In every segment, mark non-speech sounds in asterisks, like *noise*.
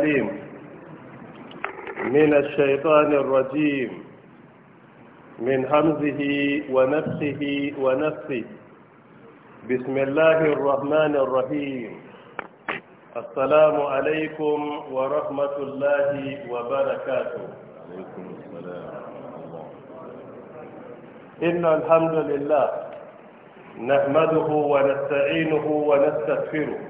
الرجيم من الشيطان الرجيم من همزه ونفسه ونفسه بسم الله الرحمن الرحيم السلام عليكم ورحمة الله وبركاته عليكم السلام إن الحمد لله نحمده ونستعينه ونستغفره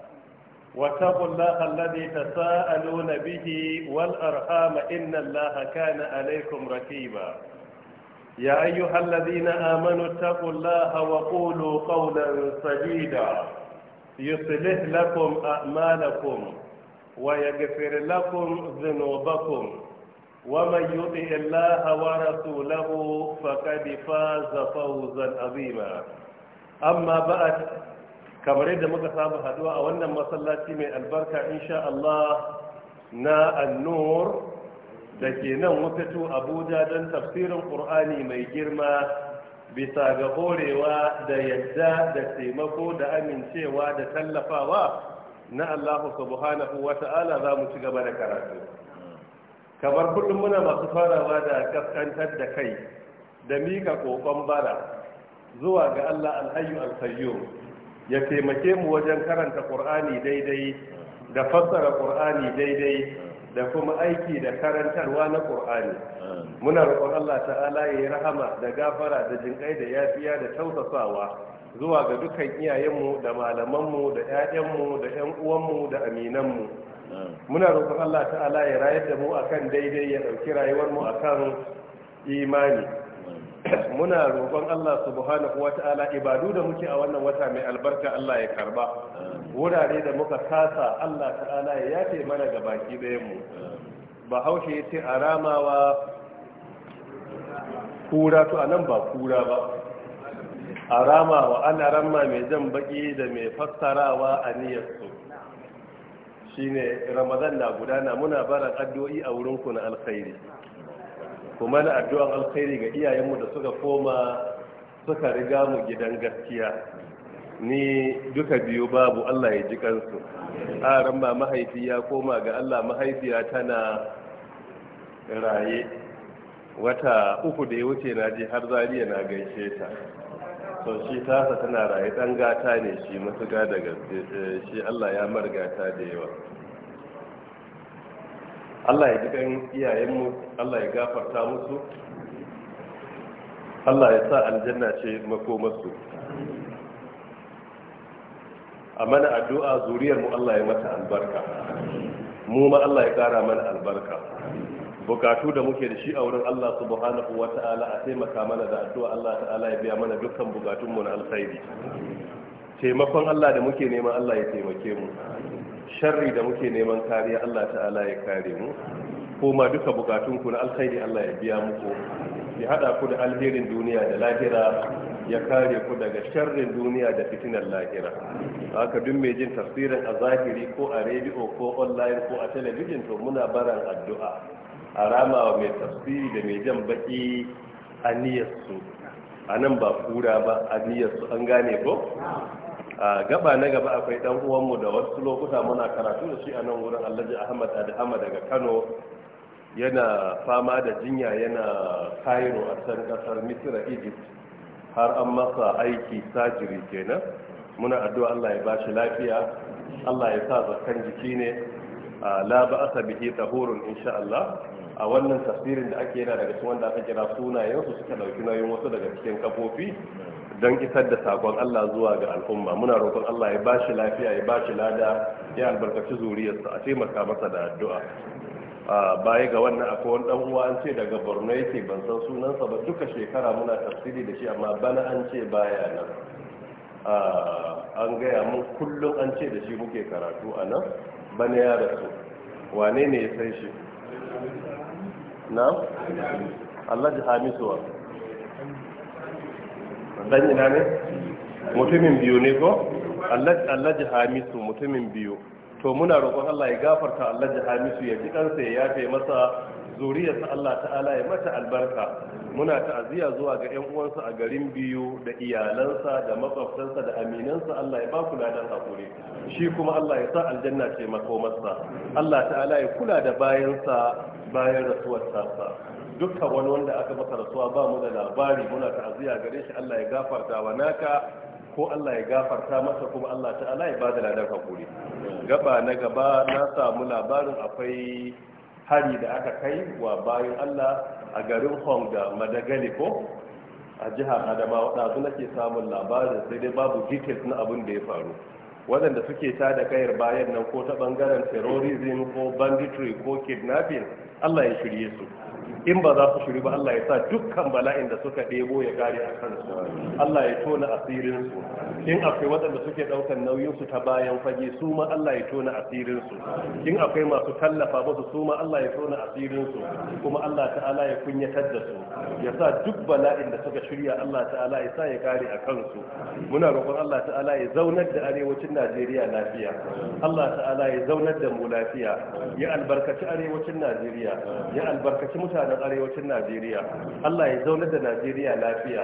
واتقوا الله الذي تساءلون به والأرحام إن الله كان عليكم ركيبا يا أيها الذين آمنوا اتقوا الله وقولوا قولا سديدا يصلح لكم أعمالكم ويغفر لكم ذنوبكم ومن يطع الله ورسوله فقد فاز فوزا عظيما أما بعد kamar yadda muka samu haduwa a wannan masallaci mai albarka insha Allah na annur da ke nan wutatu abuja don tafsirin ƙur'ani mai girma bisa ga horewa da yadda da taimako da amincewa da tallafawa na allahu subhanahu wa ta'ala za mu ci gaba da karatu kamar kullum muna masu farawa da kaskantar da kai da mika kokon bara zuwa ga allah alhayu alkayyum ya taimake mu wajen karanta ƙur'ani daidai da fassara ƙur'ani daidai da kuma aiki da karantarwa na ƙur'ani muna roƙon Allah ta'ala ya yi rahama da gafara da jinƙai da yafiya da tausasawa zuwa ga dukkan iyayenmu da malamanmu da 'ya'yanmu da 'yan uwanmu da aminanmu muna roƙon Allah ta'ala ya rayar da mu akan daidai ya ɗauki rayuwar mu akan imani *coughs* muna roƙon Allah subhanahu ta'ala, ibadu da muke a wannan wata mai albarka Allah ya karba wurare da muka kasa Allah ta'ala ya yafe mana ga baki ɗayan mu bahaushe ya ce a ramawa kura to anan ba kura ba a ramawa ana ramma mai jan baki da mai fassarawa a su. shine ramadan na gudana muna baran addu'o'i a wurinku na alkhairi kuma na addu'an alkhairi ga iyayenmu da suka koma suka riga mu gidan gaskiya ni duka biyu babu Allah ya ji kansu aran ma mahaifi ya koma ga Allah mahaifiya tana raye wata uku da ya wuce na ji har zariya na gaishe ta so shi tasa tana raye dan gata ne shi matuƙa gada eh, shi Allah ya margata da yawa Allah ya jikan iyayenmu Allah ya gafarta musu Allah ya sa aljanna ce makomarsu a mana addu'a zuriyarmu Allah ya mata albarka mu ma Allah ya kara mana albarka bukatu da muke da shi a wurin Allah subhanahu wa ta'ala a taimaka mana da addu'a Allah ta'ala ya biya mana dukkan bukatunmu na alkhairi taimakon Allah da muke nema Allah ya taimake mu sharri da muke neman kariya Allah ta'ala ya kare mu koma duka bukatunku na alkhairi Allah ya biya muku ya hada ku da alherin duniya da lahira ya kare ku daga sharrin duniya da fitinar lahira haka duk mai jin tafsirin a zahiri ko a rediyo ko online ko a talabijin to muna baran addu'a a wa mai tafsiri da mai jan baki aniyarsu a nan ba kura ba aniyarsu an gane ko a gaba na gaba akwai dan uwanmu da wasu lokuta muna karatu da shi a nan wurin alhaji ahmad Ahmad daga kano yana fama da jinya yana cairo a can kasar misira egypt har an masa aiki sajiri kenan muna addu'a allah ya ba shi lafiya allah ya sa zakan jiki ne la ba'asa bihi tahurun insha allah a wannan tafsirin da ake yana daga cikin wanda aka kira sunayensu suka dauki nauyin wasu daga cikin kafofi don isar da sakon Allah zuwa ga al'umma muna roƙon Allah ya ba shi lafiya ya ba shi lada ya albarkaci zuriyarsa a taimaka masa da addu'a baya ga wannan akwai wani dan uwa an ce daga Borno yake ban san sunansa ba duka shekara muna tafsiri da shi amma bana an ce baya nan an gaya mun kullum an ce da shi muke karatu a nan bana ya rasu wane ne ya san shi na Allah ji hamisuwa dan ina ne mutumin biyu ne ko Allah hamisu mutumin biyu to muna roƙon Allah ya gafarta Allah hamisu ya ji kansa ya yafe masa zuriyarsa Allah ta'ala ya mata albarka muna ta'aziyya zuwa ga 'yan uwansa a garin biyu da iyalansa da makwabtansa da aminansa Allah ya ba ku ladan hakuri shi kuma Allah ya sa aljanna ce makomarsa Allah ta'ala ya kula da bayansa bayan rasuwar sa dukkan wani wanda aka masa rasuwa ba mu da labari muna ta'aziyya gare shi Allah ya gafarta wa naka ko Allah ya gafarta masa kuma Allah ta'ala ya bada ladan hakuri gaba na gaba na samu labarin akwai hari da aka kai wa bayan Allah a garin Hong da Madagali ko a jihar Adamawa ɗazu nake samun labarin sai dai babu details na abin da ya faru waɗanda suke ta da kayar bayan nan ko ta ɓangaren terrorism ko banditry ko kidnapping Allah ya shirye su in ba za su shiri ba Allah ya sa dukkan bala'in da suka ɗebo ya kare a kansu Allah ya tona asirinsu in akwai waɗanda suke ɗaukar nauyinsu ta bayan fage su ma Allah ya tona asirinsu in akwai masu tallafa musu su ma Allah ya tona asirinsu kuma Allah ta'ala ya kunyatar da su ya sa duk bala'in da suka shirya Allah ta'ala ya sa ya gare a kansu muna roƙon Allah ta'ala ya zaunar da arewacin Najeriya lafiya Allah ta'ala ya zaunar da mu lafiya ya albarkaci arewacin Najeriya ya albarkaci mutane mutanen arewacin Najeriya Allah ya zaunar da Najeriya lafiya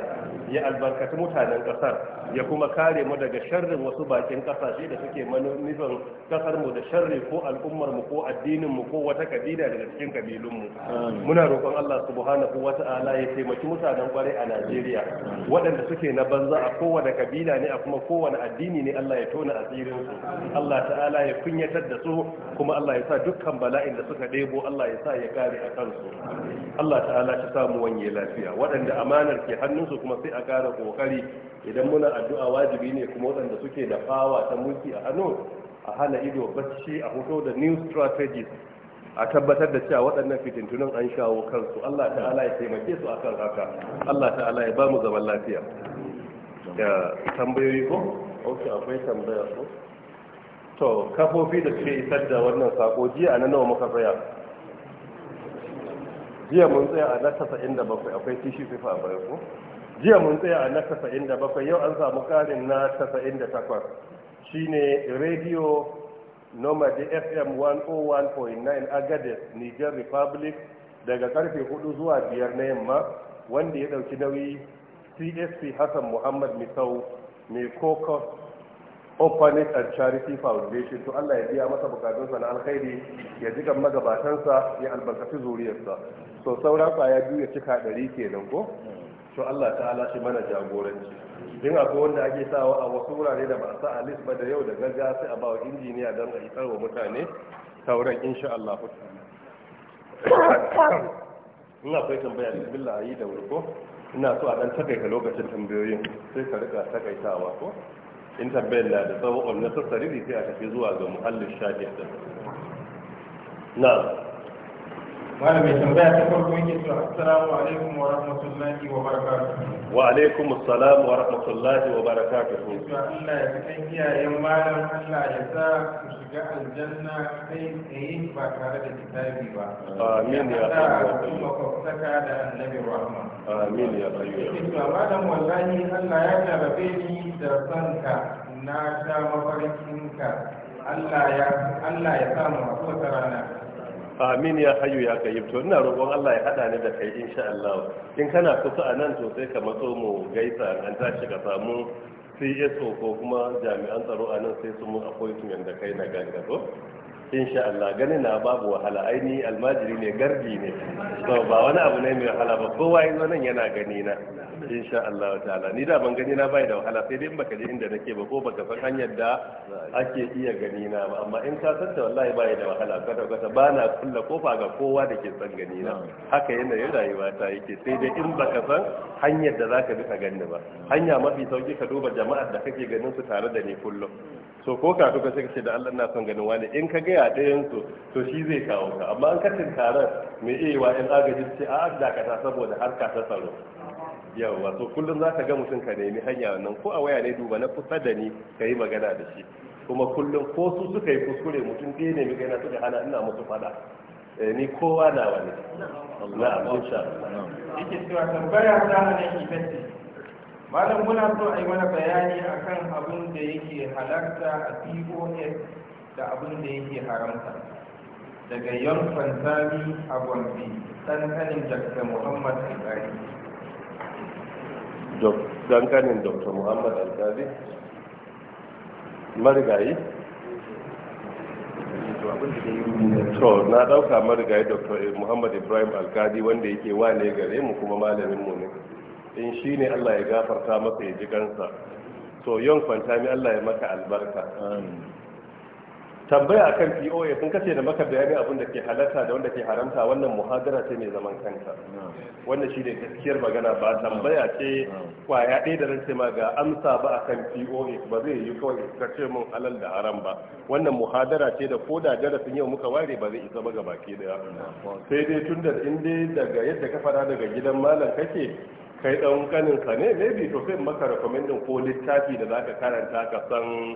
ya albarkaci mutanen kasar ya kuma kare mu daga sharrin wasu bakin kasashe da suke manufin kasar mu da sharri ko al'ummar mu ko addinin mu ko wata kabila daga cikin kabilun mu muna roƙon Allah subhanahu ta'ala ya taimaki mutanen kwarai a Najeriya waɗanda suke na banza a kowane kabila ne a kuma kowane addini ne Allah ya tona asirin su Allah ta'ala ya kunyatar da su kuma Allah ya sa dukkan bala'in da suka ɗebo Allah ya sa ya kare a kansu Allah ta'ala ta samu wanye lafiya waɗanda amanar ke hannunsu kuma sai a ƙara ƙoƙari idan muna addu'a wajibi ne kuma waɗanda suke da fawa ta mulki a hannu a hana ido bacci a hoto da new strategies a tabbatar da cewa waɗannan fitintunan an shawo kansu Allah ta'ala ya taimake su akan haka Allah ta'ala ya ba mu zaman lafiya da tambayoyi ko ok akwai tambaya ko to kafofi da suke isar da wannan sako jiya a nawa muka tsaya jiya mun tsaya a na bakwai akwai kishi sifa a bayan ko jiya mun tsaya a na bakwai yau an samu karin na 98 shine radio nomad fm 101.9 agades niger republic daga karfe 4 zuwa 5 na yamma wanda ya dauki nauyi csp hassan muhammad misau mai kokos Orphanage and Charity Foundation to Allah ya biya masa bukatunsa na alkhairi ya kan magabatansa ya albarkaci zuriyarsa so sauran kwaya biyu ya cika ɗari kenan ko to Allah ta'ala shi mana jagoranci din akwai wanda ake sawa a wasu wurare da ba sa a ba da yau da gaza sai a ba wa injiniya don a isar wa mutane sauran insha Allah in akwai tambaya bismillah ayi da wuri ko ina so a ɗan takaita lokacin tambayoyin sai ka riƙa takaitawa ko in na da tsawon na sassari sai a tafi zuwa ga muhallin shafi na wani mai tambaya ta farko yake cewa assalamu alaikum wa rahmatullahi wa barakatuh wa alaikum assalam wa rahmatullahi wa barakatuh yake Allah ya fi kan iyayen malam Allah ya sa ku shiga aljanna kai tsaye ba tare da kitabi ba amin ya Allah kuma kwaftaka da annabi rahma amin ya rayu ya malam wallahi Allah ya jarabe ni da sanka na sha mafarkinka Allah ya Allah ya sa mu wata rana amin ya hayu ya kayi to ina roƙon Allah ya hada ni da kai insha Allah in kana kusa a nan to sai ka matso mu gaisa an tashi ka samu CSO ko kuma jami'an tsaro a nan sai su mu appointment da kai na gangaro insha Allah ganin na babu wahala aini almajiri ne garbi ne to ba wani abu ne mai wahala ba kowa yanzu nan yana gani na insha Allah ta'ala ni da ban gani na bai da wahala sai dai in baka je inda nake ba ko baka san hanyar da ake iya gani na ba amma in ka san ta wallahi bai da wahala kada kada ba na kulla kofa ga kowa da ke san gani na haka yana yin rayuwa ta yake sai dai in baka san hanyar da zaka bi ka gani ba hanya mafi sauki ka duba jama'ar da kake ganin su tare da ni kullum so ko ka to ka sai ka ce da Allah na son ganin wani in ka ga a ɗayan su to shi zai kawo ka amma an kacin taron mai iya wa yan agaji ce a dakata saboda har ka ta tsaro yawa to kullum za ka ga mutum ka nemi hanya wannan ko a waya ne duba na kusa da ni ka yi magana da shi kuma kullum ko su suka yi kuskure mutum ɗaya ne magana suka hana ina musu fada eh, ni kowa na wani na insha Allah yake cewa tambaya ta hana ibadati malam muna so a yi mana bayani akan abin da yake halarta a POS da abin da yake haramta daga yankan sami a gwamfi ɗanƙanin dr muhammad al-gari ɗanƙanin dr muhammad al-gari marigayi to na ɗauka marigayi dr muhammad ibrahim al al-gari wanda yake wane gare mu kuma malamin mu ne in shi ne allah ya gafarta masa ya ji kansa so yon kwanta allah ya maka albarka tambaya akan POA sun kace da maka bayani abin da ke halarta da wanda ke haramta wannan muhadara ce mai zaman kanta wannan shi ne gaskiyar magana ba tambaya ce kwaya ɗaya da rance ma ga amsa ba akan POA ba zai yi kawai ka ce mun halal da haram ba wannan muhadara ce da koda darasin yau muka ware ba zai isa ba ga baki daya sai dai tun da in dai daga yadda ka fara daga gidan malam kake kai dan kanin ka ne maybe to sai maka recommending ko littafi da zaka karanta ka san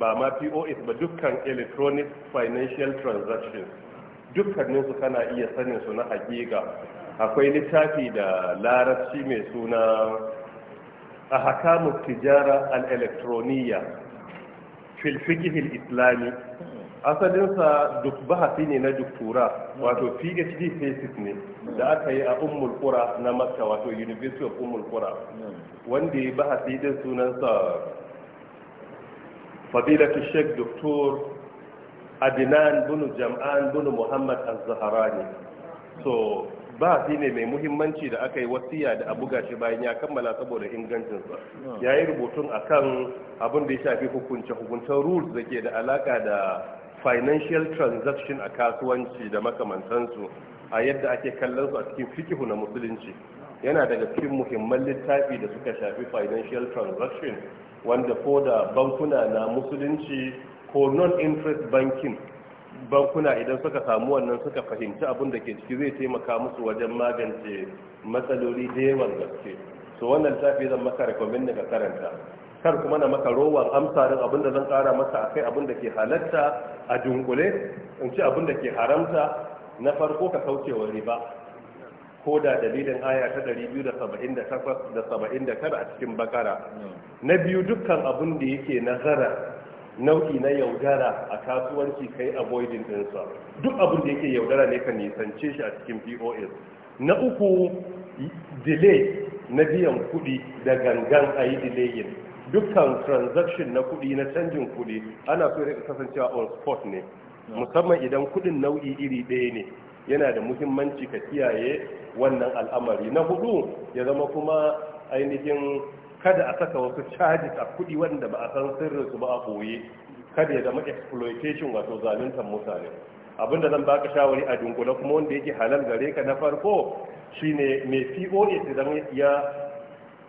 ba ma pos ba dukkan electronic financial transactions dukkaninsu kana iya sanin su na hakika akwai littafi da larabci mai suna a hakamun tijara al-elektroniya filfikihil islami asalinsa duk bahasi ne na doktora wato phd thesis ne da aka yi a ummul qura na makka wato university of ummul qura hmm. wanda ya bahasi din sunansa فضيلة الشيخ دكتور أدنان بن جمعان بن محمد الزهراني so ba shi ne mai muhimmanci da aka yi wasiya da abu gashi bayan ya kammala saboda ingancinsa ya yi rubutun kan abin da ya shafi hukunce hukuncen rules da ke da alaka da financial transaction a kasuwanci da makamantansu a yadda ake kallon su a cikin fikihu na musulunci yana daga cikin muhimman littafi da suka shafi financial transaction wanda ko da bankuna na musulunci ko non-interest banking bankuna idan suka samu wannan suka fahimci abin da ke ciki zai taimaka musu wajen magance matsaloli da yawan gaske so wannan tafi zan maka rekomin daga karanta kar kuma na maka rowan amsa din abin da zan kara masa akai abin da ke halatta a dunkule in ci abin da ke haramta na farko ka kauce wa riba ko da dalilin aya ta 278 da 79 a cikin bakara na biyu dukkan abin da yake nazara nau'i na yaudara a kasuwanci kai avoiding dinsa duk abin da yake yaudara ne ka nisance shi a cikin pos na uku delay na biyan kuɗi da gangan a yi delayin dukkan transaction na kuɗi na canjin kuɗi ana so ya kasancewa on spot ne musamman idan kuɗin nau'i iri ɗaya ne yana da muhimmanci ka kiyaye wannan al'amari na hudu ya zama kuma ainihin kada a saka wasu charges a kudi wanda ba a san sirrin su ba a boye kada ya zama exploitation wato zaluntar mutane abinda zan baka shawari a dunkule kuma wanda yake halal gare ka na farko shine mai POS idan ya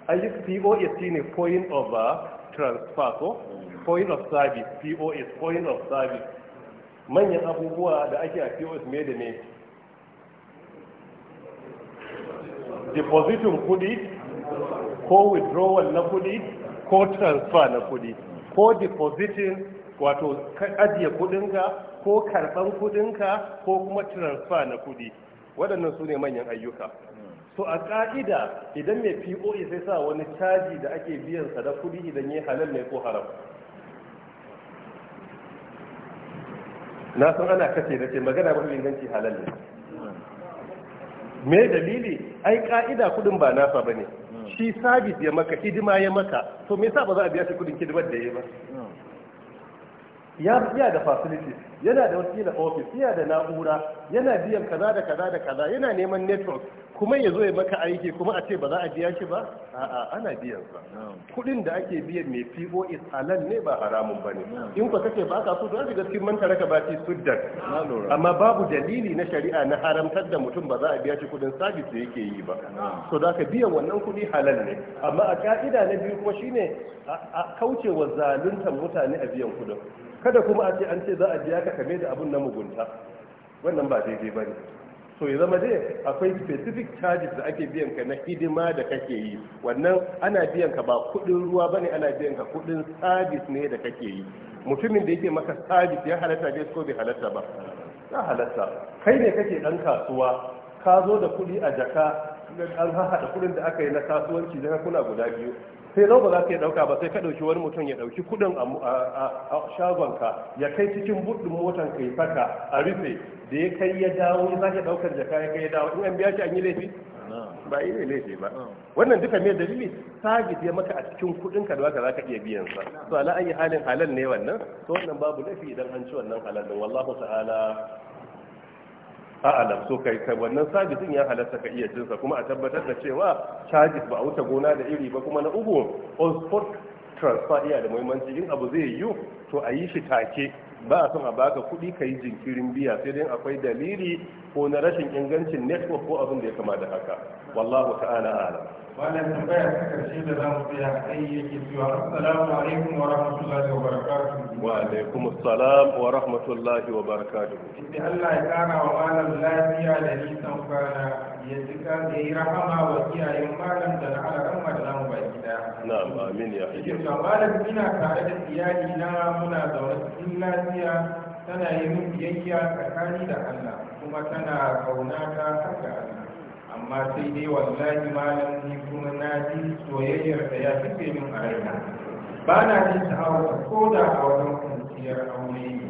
ayi POS shine point of uh, transfer ko point of service POS point of service manyan abubuwa da ake a POS me da me depositin kudi ko withdrawal na kudi ko transfer na kudi ko depositin wato ajiye kudinka ko karban kudinka ko kuma transfer na kudi waɗannan su ne manyan ayyuka so a ƙa'ida idan mai POE sai sa wani caji da ake biyansa da kudi idan ya halal ne ko haram na san ana kace da ce magana mafi inganci halal ne me dalili ai ka'ida kudin ba nasa ba ne, shi sabis ya maka hidima ya maka to me yasa ba za a biya shi kudin hidimar da ya ba ya biya da facilities yana da wakilin office yana da na'ura yana biyan kaza da kaza da kaza yana neman network kuma ya zo ya maka aiki kuma a ce ba za a biya shi ba a'a ana biyan sa kudin da ake biya mai POS alan ne ba haramun bane in ka kace ba ka so to daga manta raka ba ti suddan amma babu dalili na shari'a na haramtar da mutum ba za a biya shi kudin sabis da yake yi ba so da ka biya wannan kudi halal ne amma a ka'ida na biyu kuma shine a wa zaluntar mutane a biyan kudin kada kuma a ce an ce za a biya ka kame da abun na mugunta wannan ba daidai bane To ya zama dai akwai specific charges da ake biyan ka na hidima da kake yi wannan ana biyan ka ba kudin ruwa bane ana biyan ka kudin service ne da kake yi mutumin da yake maka service ya halatta dai ko bai halatta ba ya halatta kai ne kake dan kasuwa ka zo da kudi a jaka an haɗa kudin da aka yi na kasuwanci da kuna guda biyu sai nan ba za ka yi ɗauka ba sai ka ɗauki wani mutum ya dauki kuɗin a shagonka ya kai cikin buɗin motan ka yi saka a rufe da ya kai ya dawo ya zaka daukar jaka ya kai ya dawo in an biya shi an yi laifi ba yi ne laifi ba mm. wannan duka mai dalili sabit ya maka a cikin kuɗinka ka da haka za ka iya biyan sa to ala ayi halin halal ne wannan to wannan babu laifi idan an ci wannan halalin wallahu ta'ala a'ala so kai kai wannan sabisin ya halatta ka iya jinsa kuma a tabbatar da cewa charges ba a wuce gona da iri ba kuma na uku on spot transfer iya da muhimmanci in abu zai yiwu to a yi shi take ba a son a baka kuɗi ka yi jinkirin biya sai dai akwai dalili ko na rashin ingancin network ko abin da ya kama da haka wallahu ta'ala ala wannan tambaya ta karshe da za mu biya kai yake cewa assalamu alaikum wa rahmatullahi wa barakatuh wa alaikum assalam wa rahmatullahi wa barakatuh idan Allah ya kara wa malam lafiya da nisan kwana ya zika da yi rahama wa iyayen malam da na alaran malam baki da na'am amin ya hajji da malam ina tare da iyali na muna zaune cikin lafiya tana yi min biyayya tsakani da Allah kuma tana kauna ta haka amma sai dai wallahi malam ni kuma na ji soyayyar da ya fice min a raina ba na jin sha'awar ko da a wajen kwanciyar aure ne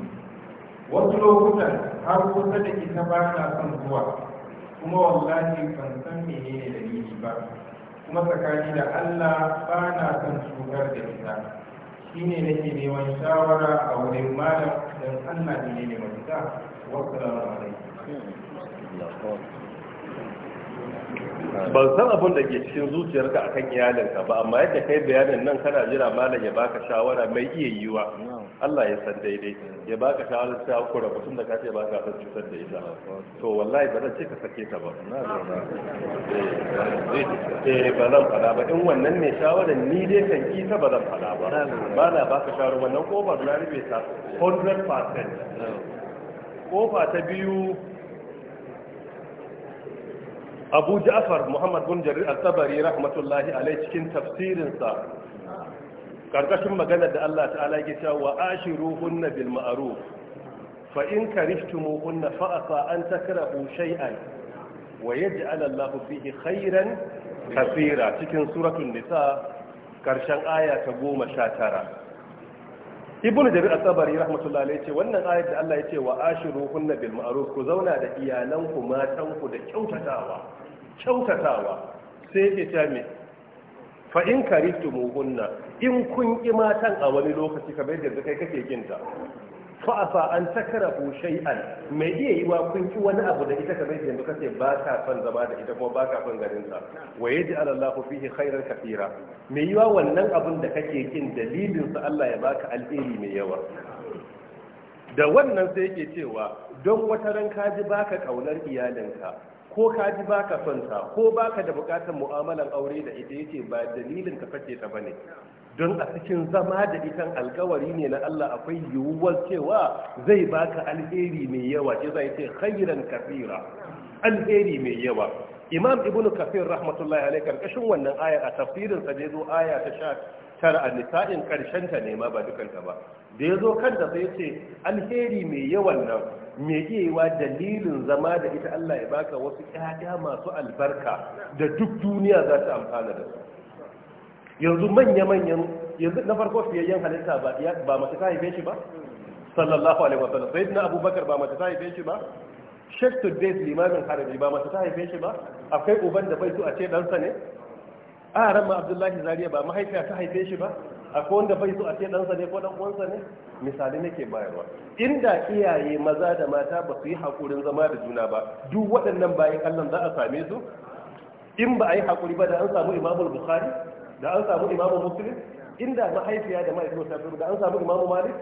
wasu lokutan har kusa da ita ba na son zuwa kuma wallahi ban san menene dalili ba kuma tsakani da Allah ba na son cutar da ita shine nake neman shawara a wurin malam dan Allah ne ne mafita wassalamu alaikum hmm. ban san abin da ke cikin zuciyarka a kan iyalinka ba amma yadda kai bayanin nan kana jira malam ya baka shawara mai iya yiwa Allah ya san daidai ya baka shawara ta kura mutum da kace ba ka san cutar da ita to wallahi ba zan ce ka sake ta ba na eh, eh ba zan fada ba in wannan ne shawara ni dai kan ki ta ba zan fada ba ba na baka shawara wannan kofar na rubuta 100% kofa ta biyu abu ja'far muhammad bin jarir al-tabari rahmatullahi alai cikin tafsirinsa karkashin maganar da Allah ta'ala ya ce wa ashiruhunna bil ma'ruf fa in karihtumuhunna fa asa an takrahu shay'an wa yaj'al Allahu fihi khairan kaseera cikin suratul nisa karshen aya ta 19 ibnu jarir at-tabari rahmatullahi alai ce wannan ayat da Allah ya ce wa ashiruhunna bil ma'ruf ku zauna da iyalanku matanku da kyautatawa kyautatawa sai yake ta me fa in karitumunna in kun ki matan a wani lokaci kamar yadda kai kake kinta fa'afa an ko shay'an mai iya yi wa kun ki wani abu da ita kamar yanzu kake ba ka son zama da ita kuma ba ka son garin ta? wa yaj'al Allahu fihi khairan katira mai yi wa wannan abin da kake kin dalilin sa Allah ya baka alheri mai yawa da wannan sai ke cewa don wata ran ka ji baka kaunar iyalinka ko ka ji ba ka son ta ko ba ka da bukatar mu'amalar aure da ita yace ba dalilin ka sake ta bane don a cikin zama da itan alkawari ne na Allah akwai yiwuwar cewa zai baka alheri mai yawa ce zai ce khairan kafira alheri mai yawa imam ibn kafir rahmatullahi alaihi karkashin wannan aya a tafsirin sa da yazo aya ta sha tara a nisa'in karshen ta ne ma ba dukan ta ba da yazo kan da sai ce alheri mai yawan nan me yiwa dalilin zama da ita Allah ya baka wasu ƴaƴa masu albarka da duk duniya za ta amfana da su yanzu manya manyan yanzu na farko fiyayyen halitta ba ba mace ta haife shi ba sallallahu alaihi wasallam sayyidina abubakar ba mace ta haife shi ba shek tuddais limamin haraji ba mace ta haife shi ba akwai uban da bai so a ce ɗansa ne a ran ma abdullahi zariya ba mahaifiya ta haife shi ba akwai wanda bai so a ce ɗansa ne ko ɗan uwansa ne misali nake bayarwa inda iyaye maza da mata ba su yi haƙurin zama da juna ba duk waɗannan bayan allah za a same su in ba a yi haƙuri ba da an samu imamul bukhari da an samu imamul muslim inda mahaifiya da mahaifiya da an samu imamul malik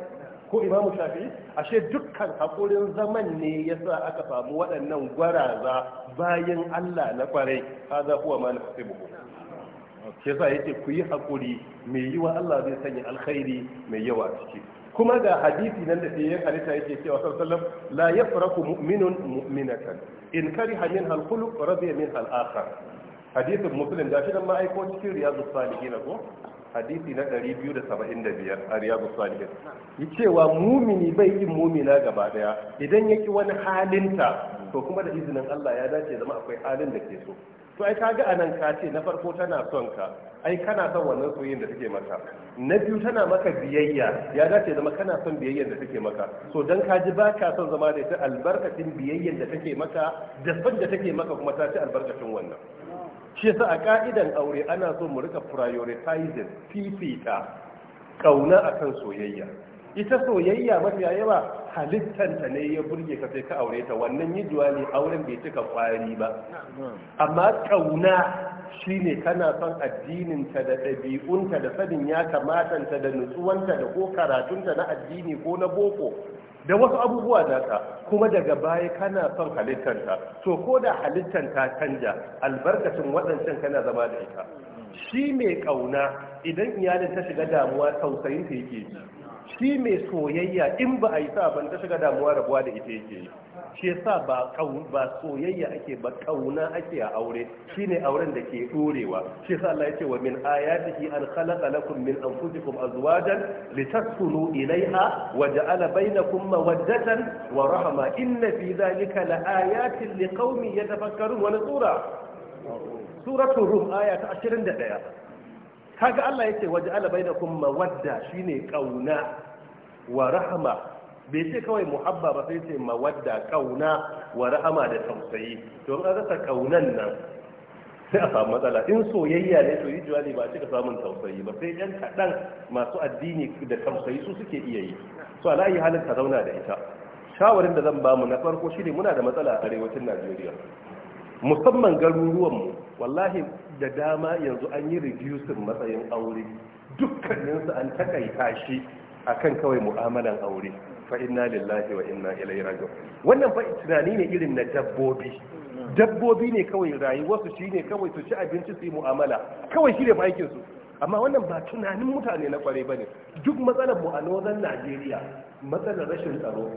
ko imamu shafi ashe dukkan haƙurin zaman ne ya sa aka samu waɗannan gwaraza bayan allah na kwarai haza kuwa ma na Ke sa yake ku yi haƙuri mai yi wa allah zai sanya alkhairi mai yawa ciki kuma ga hadisi nan da fiye halitta yake cewa sallallahu la yafraku mu'minun mu'minatan in kariha min halqulu radiya min al-akhar hadisin muslim da shi nan ma aiko cikin riyadus salihin ko hadisi na 275 a riyadu salihin yi cewa mumini bai yin mumina gaba daya idan ya ki wani halinta to kuma da izinin Allah ya dace zama akwai halin da ke so to ai kaga anan ka ce na farko tana son ka ai kana son wannan soyayyen da take maka na biyu tana maka biyayya ya dace zama kana son biyayyen da take maka so dan ka ji baka son zama da ita albarkatin biyayyen da take maka da son da take maka kuma ta ci albarkacin wannan shi yasa a ka'idan aure ana so mu rika prioritizing fifita kauna akan soyayya ita soyayya mafi yawa halittanta ne ya burge ka sai ka aure ta wannan yi ne auren bai cika kwari ba amma kauna shine kana son addininta da ɗabi'unta da sanin ya kamatanta da nutsuwanta da ko karatunta na addini ko na boko da wasu abubuwa naka kuma daga baya kana son halittanta to ko da halittanta canja albarkacin waɗancan kana zama da ita shi mai ƙauna idan iyalin ta shiga damuwa tausayin ta yake ji shi mai soyayya in ba a yi sa ban ta shiga damuwa rabuwa da ita yake shi yasa ba ba soyayya ake ba kauna ake a aure shine auren da ke dorewa shi yasa Allah yace wa min ayatihi an khalaqa lakum min anfusikum azwajan litaskunu ilayha wa ja'ala bainakum mawaddatan wa rahma inna fi dhalika laayatin liqaumi yatafakkarun wa sura suratul rum ayat 21 kaga Allah yace waje ala bainakum mawadda shine kauna wa rahama bai ce kawai muhabba ba sai ce mawadda kauna wa rahama da tausayi to in rasa kaunan nan sai a samu matsala in soyayya ne to yi juwali ba a cika samun tausayi ba sai yan kaɗan masu addini da tausayi su suke iya yi so a layi halin ka zauna da ita shawarin da zan ba mu na farko shine muna da matsala a arewacin najeriya musamman garuruwanmu wallahi da dama yanzu an yi reducing matsayin aure dukkaninsu an takaita shi akan kawai mu'amalan aure fa inna lillahi wa inna ilaihi wannan fa tunani ne irin na dabbobi dabbobi ne kawai rayuwarsu shine kawai su ci abinci su yi mu'amala kawai shi ne ba aikin su amma wannan ba tunanin mutane na kwarai bane duk matsalar mu a northern Najeriya matsalar rashin tsaro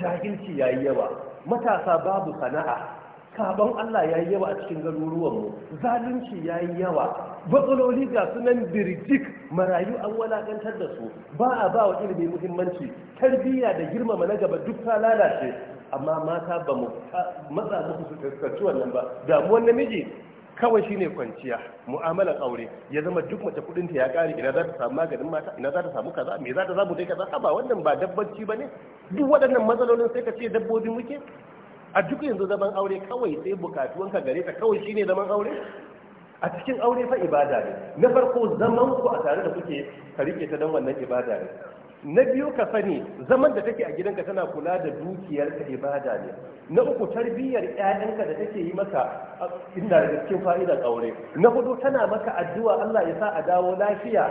jahilci yayi yawa matasa babu sana'a sabon Allah ya yi yawa a cikin garuruwanmu zalunci ya yi yawa matsaloli ga sunan birjik marayu an walakantar da su ba a ba wa ilimi muhimmanci tarbiyya da girmama na gaba duk ta lalace amma mata ba mu matsa musu su fuskanci wannan ba damuwar namiji kawai shine kwanciya mu'amalar aure ya zama duk mace kudin ta ya kare ina za ta samu maganin mata ina za ta samu kaza me za ta samu dai kaza ba wannan ba dabbaci bane duk waɗannan matsalolin sai ka ce dabbobi muke a duk yanzu zaman aure kawai sai bukatuwanka gare ta kawai shine zaman aure a cikin aure fa ibada ne na farko zaman ku a tare da kuke ka rike ta dan wannan ibada ne na biyu ka sani zaman da take a gidanka tana kula da dukiyar ka ibada ne na uku tarbiyyar ƴaƴanka da take yi maka inda da cikin fa'idar aure na hudu tana maka addu'a Allah ya sa a dawo lafiya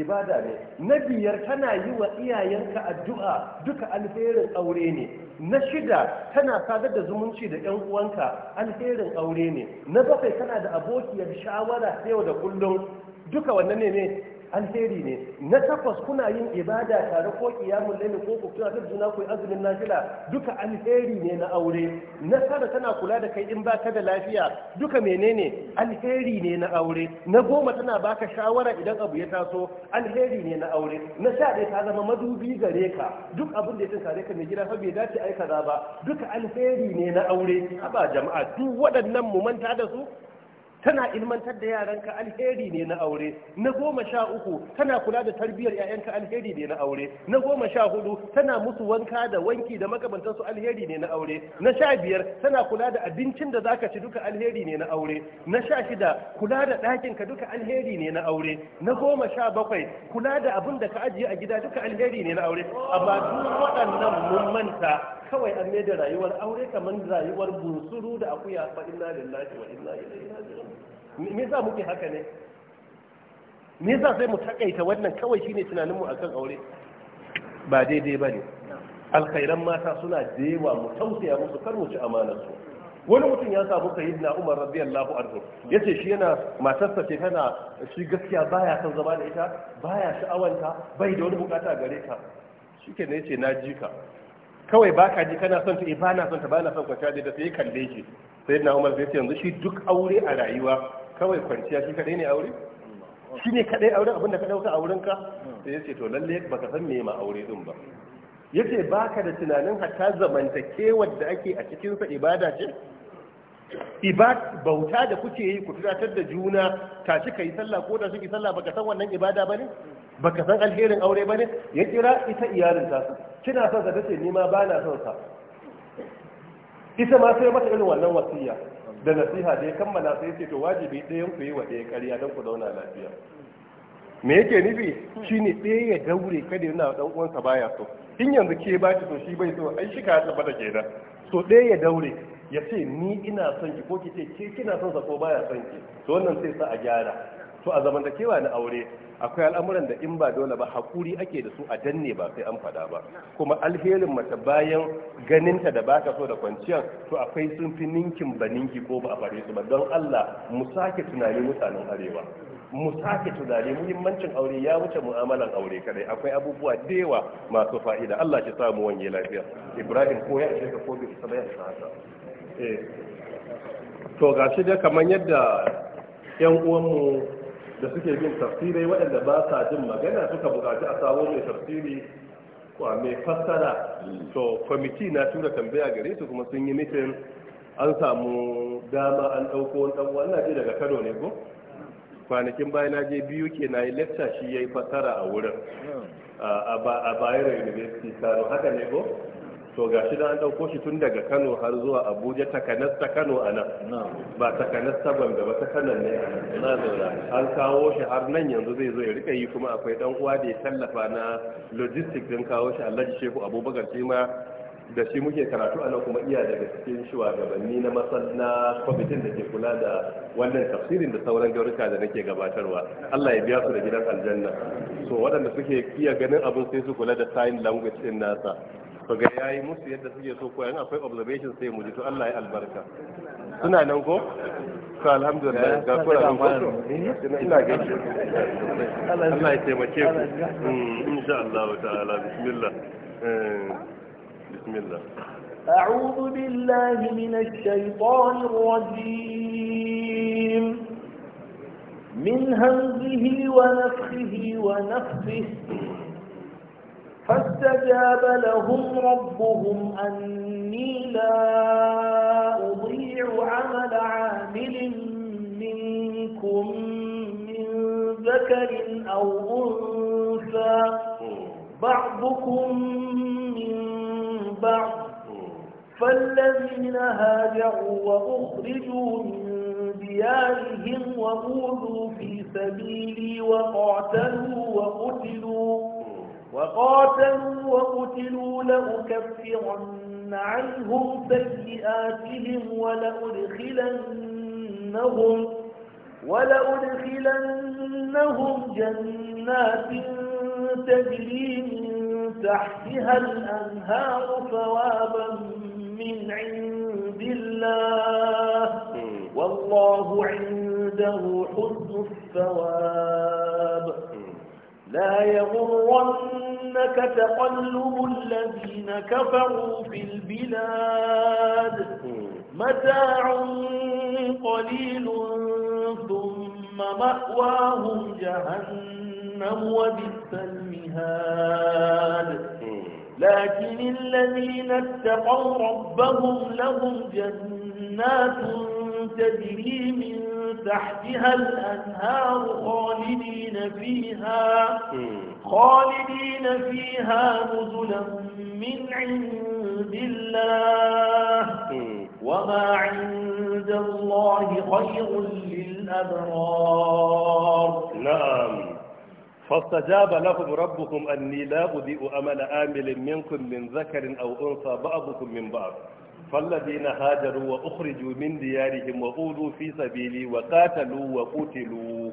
ibada ne na biyar tana yi wa iyayenka addu'a duka alherin aure ne na shida tana sadar da zumunci da 'yan uwanka alherin aure ne na bakwai tana da abokiyar shawara yau da kullum duka wannan ne ne alheri ne na takwas kuna yin ibada tare ko kiyamun laili ko ku kuna juna ku azumin nafila duka alheri ne na aure na tara tana kula da kai in baka da lafiya duka menene alheri ne na aure na goma tana baka shawara idan abu ya taso alheri ne na aure na sha ta zama madubi gare ka duk abin da ya tun kare ka mai gida fa bai dace ai ba duka alheri ne na aure haba jama'a duk waɗannan mu manta da su Tana ilmantar da yaranka alheri ne na aure na goma sha uku tana kula da tarbiyyar yayanka alheri ne na aure na goma sha hudu tana musu wanka da wanki da makamantar su alheri ne na aure na sha biyar tana kula da abincin da zaka ci duka alheri ne na aure na sha shida kula da ɗakin ka duka alheri ne na aure na goma sha bakwai kula da abin da ka ajiye a gida duka alheri ne na aure amma duk waɗannan mun manta kawai an mai da rayuwar aure kamar rayuwar bunsuru da akuya fa inna lillahi wa inna ilaihi raji'un me za muke haka ne me za sai mu takaita wannan kawai shine tunaninmu akan aure ba daidai ba ne. alkhairan mata suna da yawa mu tausaya musu kar mu ci amanar su wani mutum ya samu yi na umar radiyallahu anhu yace shi yana matarsa ce tana shi gaskiya baya son zama da ita baya sha'awanta bai da wani bukata gare ta shike ne yace na ji ka kawai ba ka ji kana son ta eh, ba na son ta ba na son kwanciya da sai kalle shi sai na Umar zai ce yanzu shi duk aure a rayuwa kawai kwanciya shi kadai ne aure shi ne kadai auren abin da ka dauka a wurinka sai ya ce to lalle ba ka san me ma aure din ba yace baka da tunanin hatta zamantakewar da ake a cikin sa ibada ce ibad bauta da kuke yi ku tunatar da juna tashi kai sallah ko da suke sallah baka san wannan ibada bane baka san alherin aure bane ya kira ita iyalin ta kina son sa tace ni ma bana son sa ita ma sai mata irin wannan wasiya da nasiha da ya kammala sai ce to wajibi ɗayan ku yi wa ɗaya ƙarya don ku zauna lafiya me yake nufi shine ɗaya ya daure kada yana dan uwansa baya so in yanzu ke ba shi so shi bai so ai shi ka tabbata kenan so ɗaya ya daure ya ce ni ina son ki ko ki ce ke kina son sa ko baya son ki to wannan sai sa a gyara to a zamantakewa na aure akwai al'amuran da in ba dole ba hakuri ake da su a danne ba sai an fada ba kuma alherin mace bayan ganinta da baka so da kwanciyar to akwai sun fi ninkin ba ninki ko ba a fare su ba don Allah mu sake tunani mutanen arewa mu sake tunani muhimmancin aure ya wuce mu'amalan aure kadai akwai abubuwa da yawa masu fa'ida Allah ya samu wanye lafiya Ibrahim ko ya ce ka ko bi sabai sa'a Eh. to ga shi dai kamar yadda yan uwanmu da suke bin tafsirai waɗanda ba sa jin magana suka buƙaci a samu mai tafsiri kwa mai fassara to kwamiti na tura tambaya gare su kuma sun yi mitin an samu dama an ɗauko wani ɗan wannan je daga kano ne ko kwanakin bayan na je biyu ke na yi lecture shi ya yi fassara a wurin a bayero university kano haka ne ko to ga shi da an ɗauko shi tun daga kano har zuwa abuja takanas ta kano a nan ba takanas ta ba ta kano ne an kawo shi har nan yanzu zai zo ya rika yi kuma akwai dan uwa da ya tallafa na logistic din kawo shi alhaji shehu abubakar shi ma da shi muke karatu ana kuma iya daga cikin shugabanni na masana kwamitin da ke kula da wannan tafsirin da sauran gaurika da nake gabatarwa Allah ya biya su da gidan aljanna so waɗanda suke iya ganin abun sai su kula da sign language din nasa su ga yayi musu yadda suke so ko yana akwai observation sai mu ji to Allah ya albarka suna nan ko to alhamdulillah ga kura nan ko ina ga shi Allah ya taimake ku hmm, insha Allah ta'ala bismillah eh, bismillah أعوذ بالله من الشيطان الرجيم من همزه ونفخه ونفخه فاستجاب لهم ربهم أني لا أضيع عمل عامل منكم من ذكر أو أنثى بعضكم من بعض فالذين هاجروا وأخرجوا من ديارهم وأوذوا في سبيلي وقعتلوا وقتلوا وقاتلوا وقتلوا لأكفرن عنهم سيئاتهم ولأدخلنهم, ولأدخلنهم جنات تجري من تحتها الأنهار ثوابا من عند الله والله عنده حسن الثواب لا يغرنك تقلب الذين كفروا في البلاد متاع قليل ثم مأواهم جهنم وبئس المهاد لكن الذين اتقوا ربهم لهم جنات تجري من تحتها الأنهار خالدين فيها خالدين فيها نزلا من عند الله وما عند الله خير للأبرار نعم فاستجاب لهم ربكم أني لا أضيء أمل آمل منكم من ذكر أو أنثى بعضكم من بعض فالذين هاجروا واخرجوا من ديارهم وقودوا في سبيلي وقاتلوا وقتلوا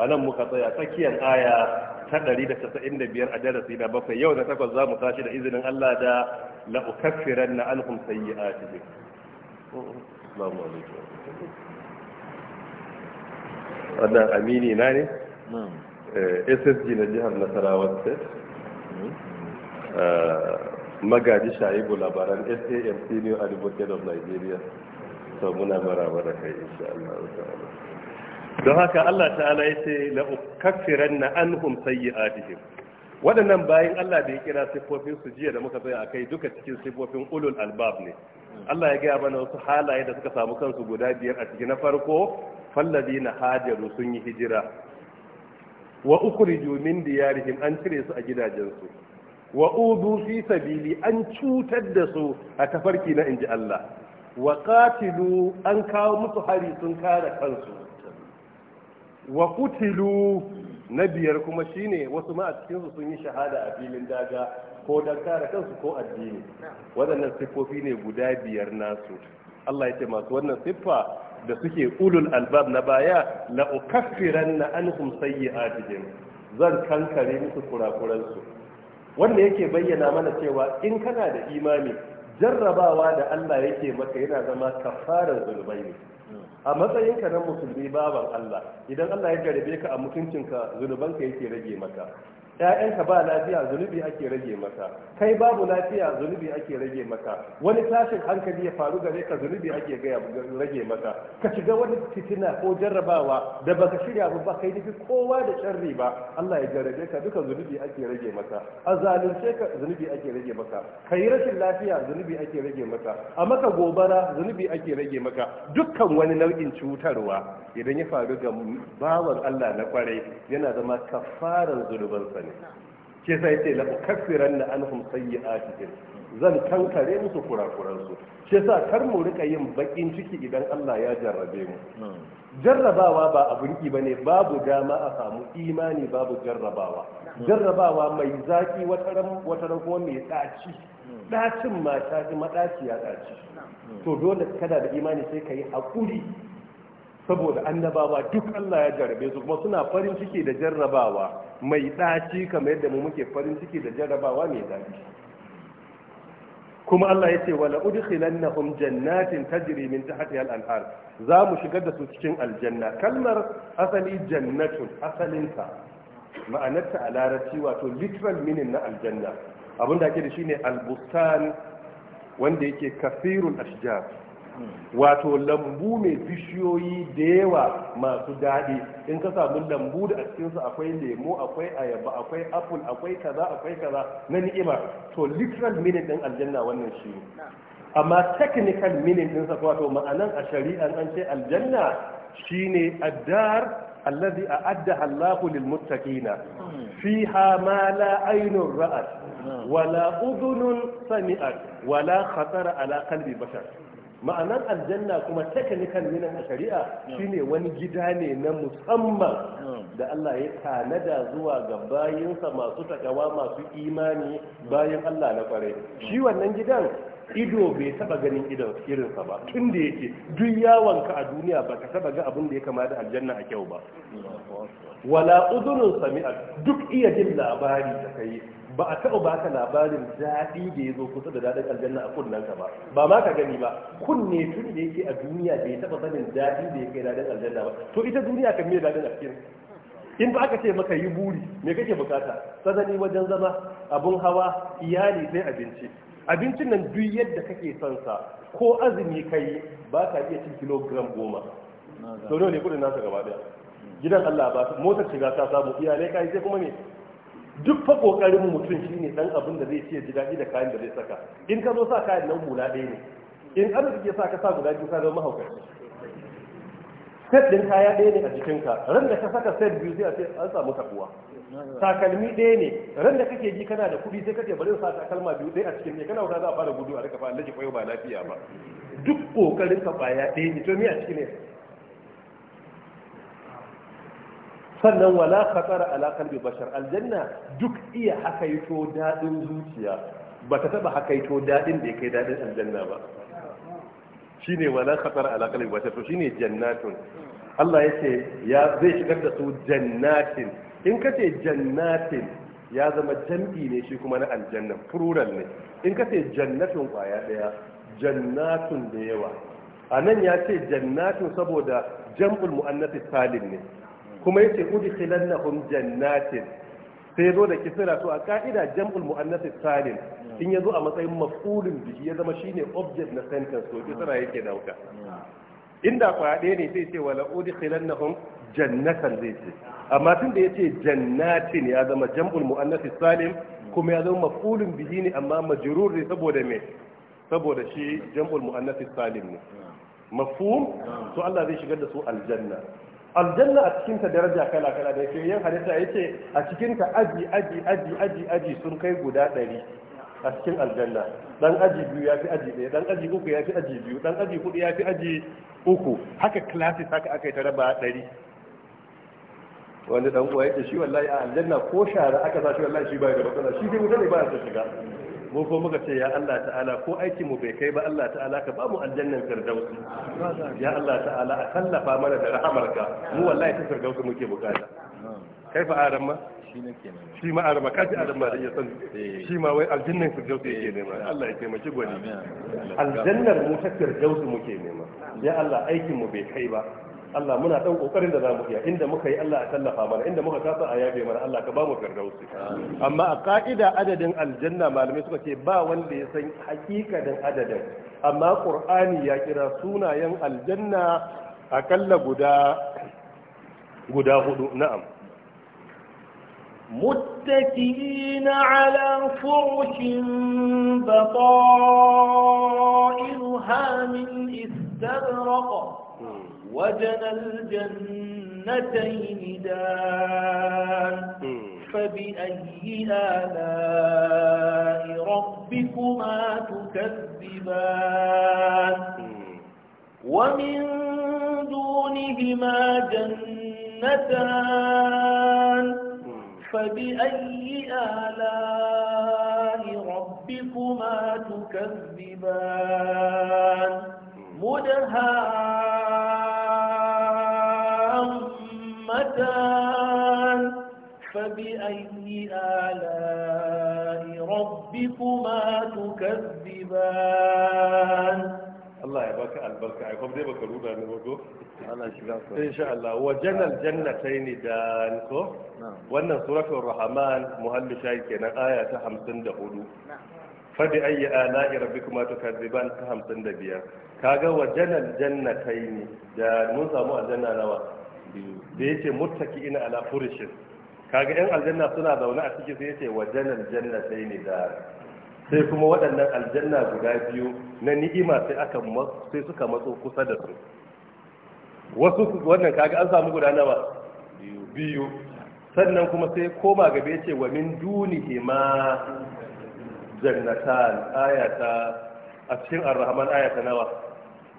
انا مكتايا تكيان آية تدري دا تسعين دا بيان عجالة سينا بفا يو نتاكو الزامو تاشد إذن الله دا لأكفرن عنهم سيئاتهم اللهم عليكم أنا أميني ناني اسس جينا جهر نصرا وقت magaji shaibu labaran sam senior advocate of nigeria to muna maraba da kai insha Allah ta'ala don haka Allah ta'ala ya ce la ukaffiranna anhum sayyi'atihim waɗannan bayan Allah da ya kira sifofin su jiya da muka tsaya a duka cikin sifofin ulul albab ne Allah ya gaya mana wasu halaye da suka samu kansu guda biyar a ciki na farko fallazina na hajaru sun yi hijira wa ukhriju min diyarihim an cire su a gidajensu wa udu fi sabili an cutar da su a tafarki na inji Allah wa qatilu an kawo musu hari sun kare kansu wa kutilu na biyar kuma shine wasu ma a cikin su sun yi shahada a filin daga ko dan kare kansu ko addini waɗannan siffofi ne guda biyar nasu Allah ya ce masu wannan siffa da suke ulul albab na baya la ukaffiranna anhum sayyi'atihim zan kankare musu kurakuransu wanda yake bayyana mana cewa in kana da imani jarrabawa da Allah yake maka yana zama kafarar zunubai ne a matsayinka na musulmi baban Allah idan Allah ya jarabe ka a mutuncinka zunubanka yake rage maka ƴaƴanka ba lafiya zunubi ake rage maka kai babu lafiya zunubi ake rage maka wani tashin hankali ya faru gare ka zunubi ake gaya rage maka ka shiga wani fitina ko jarrabawa da baka shirya ba ba kai nufi kowa da sharri ba Allah ya jarrabe ka duka zunubi ake rage maka a zalunce ka zunubi ake rage maka kai rashin lafiya zunubi ake rage maka a maka gobara zunubi ake rage maka dukkan wani nau'in cutarwa idan ya faru ga bawan Allah na kwarai yana zama kafaran zunubansa ne ke sai ce la kafiran na anhum sayyi'atihim zan kankare musu kurakuran su ke sa kar mu rika yin bakin ciki idan Allah ya jarrabe mu jarrabawa ba abun ki bane babu dama a samu imani babu jarrabawa jarrabawa mai zaki wataran wataran ko mai daci dacin ma ta ji madaci ya daci to dole kada da imani sai kai hakuri saboda annabawa duk Allah ya jarrabe su kuma suna farin ciki da jarrabawa mai ɗaci kamar yadda mu muke farin ciki da jarrabawa mai daɗi kuma Allah ya ce wala udkhilannahum jannatin tajri min tahtiha al-anhar za mu shigar da su cikin aljanna kalmar asali jannatun asalinta ma'anarta a larabci wato literal meaning na aljanna abinda ake da shine al-bustan wanda yake kafirul ashjar wato lambu mai bishiyoyi da yawa masu daɗi in ka samu lambu da a cikinsu akwai lemo akwai ayaba akwai apple akwai kaza akwai kaza na ni'ima to literal meaning din aljanna wannan shi amma technical meaning din sa wato ma'anan a shari'an an ce aljanna shine addar الذي أعدها الله للمتقين فيها ما لا عين رأت ولا wala سمعت ولا خطر على قلب بشر ma'anar aljanna kuma technical meaning a shari'a shine wani gida ne na musamman da Allah ya tanada zuwa ga bayinsa masu takawa masu imani bayan Allah na kwarai shi wannan gidan ido bai taba ganin idon irinsa ba tun da yake duk yawonka a duniya ba ka taba ga abin da ya kama da aljanna a kyau ba wala udunun sami'a duk iya jin labari da kai ba a taɓa baka labarin daɗi da ya zo kusa da daɗin aljanna a kunnen ka ba ba ma ka gani ba kunne tun da yake a duniya bai taɓa sanin daɗi da ya kai daɗin aljanna ba to ita duniya kan miya daɗin a in ba aka ce maka yi buri me kake bukata sanani wajen zama abun hawa iyali sai abinci abincin nan duk yadda kake son sa ko azumi kai ba ka iya cin kilogram goma to ne kudin nasa gaba daya gidan Allah ba motar shiga ta samu iyalai kai sai kuma ne. duk fa kokarin mutum shine dan abin da zai ce ji daɗi da kayan da zai saka in ka zo sa kayan nan hula ɗaya ne in an kake sa ka sa guda biyu ka zama mahaukar set din kaya ɗaya ne a jikinka ran da ka saka set biyu sai a ce an samu takuwa takalmi ɗaya ne ran da kake ji kana da kuɗi sai kake bari sa takalma biyu ɗaya a cikin ne kana wuta za a fara gudu a rika fa Allah ji koyo ba lafiya ba duk kokarin ka baya ɗaya ne to me a cikin ne sannan wala khatara ala qalbi bashar aljanna duk iya hakaito dadin zuciya ba ta taba hakaito dadin da yake dadin aljanna ba shine wala khatara ala qalbi bashar to shine jannatun Allah yace ya zai shigar da su jannatin in kace jannatin ya zama jam'i ne shi kuma na aljanna plural ne in kace jannatun kwaya daya jannatun da yawa a nan ya ce jannatun saboda jam'ul mu'annasi salim ne kuma yace udkhilannahum jannatin sai zo da kisra to a ka'ida jam'ul muannath salim in yazo a matsayin mafulin bihi ya zama shine object na sentence to kisra yake dauka inda kwaɗe ne sai ce wala udkhilannahum jannatan zai ce amma tun da yace jannatin ya zama jam'ul muannath salim kuma ya zama mafulin bihi ne amma majrur ne saboda me saboda shi jam'ul muannath salim ne mafhum to Allah zai shigar da su aljanna aljanna a cikinta daraja kala kala da yin halitta ya ce a cikinta aji aji aji aji aji sun kai guda ɗari a cikin aljanna dan aji biyu ya fi aji ɗaya dan aji uku ya fi aji biyu dan aji hudu ya fi aji uku haka classes haka aka yi ta raba ɗari wani dan uwa yake shi wallahi a aljanna ko shara aka sa shi wallahi shi ba da gaba shi dai wuta ne ba ya shiga mu ko muka ce ya Allah ta'ala ko aiki mu bai kai ba Allah ta'ala ka ba mu aljannan firdausi ya Allah ta'ala a tallafa mana da rahamarka mu wallahi ta firdausi muke bukata kai fa aran ma shi ma aran ma kaji aran ma da ya san eh. shi ma wai aljannan firdausi yake eh. nema Allah ya taimaki gwani aljannar mu ta firdausi muke nema ya Allah aikin mu bai kai ba Allah muna ɗan ƙoƙarin da za mu iya inda muka yi Allah a tallafa mana inda muka kasa a yabe mana Allah ka ba mu firdausi amma a ka'ida adadin aljanna malamai suka ce ba wanda ya san hakikanin adadin amma qur'ani ya kira sunayen aljanna akalla guda guda hudu na'am متكئين على فرش بطائرها من استبرق وجنى الجنتين دان فبأي آلاء ربكما تكذبان ومن دونهما جنتان فبأي آلاء ربكما تكذبان مدهان رحمتان فبأي آلاء ربكما تكذبان Allah ya baka albarka ai kuma dai baka ruda ne wato ba ko insha Allah wa jannal jannatayn dan ko wannan suratul rahman muhallu shayi kenan aya ta 54 fa bi ayyi ala'i rabbikuma tukazziban ta 55 kaga wa jannal jannatayn da mun samu aljanna nawa da ce muttaki ina ala furishin kaga yan aljanna suna zaune a ciki sai ya ce wa janar janna sai ne da sai kuma waɗannan aljanna guda biyu na ni'ima sai aka sai suka matso kusa da su wasu wannan kaga an samu guda nawa biyu sannan kuma sai koma gaba ce wa min dunihi ma jannatan ayata a cikin ar ayata nawa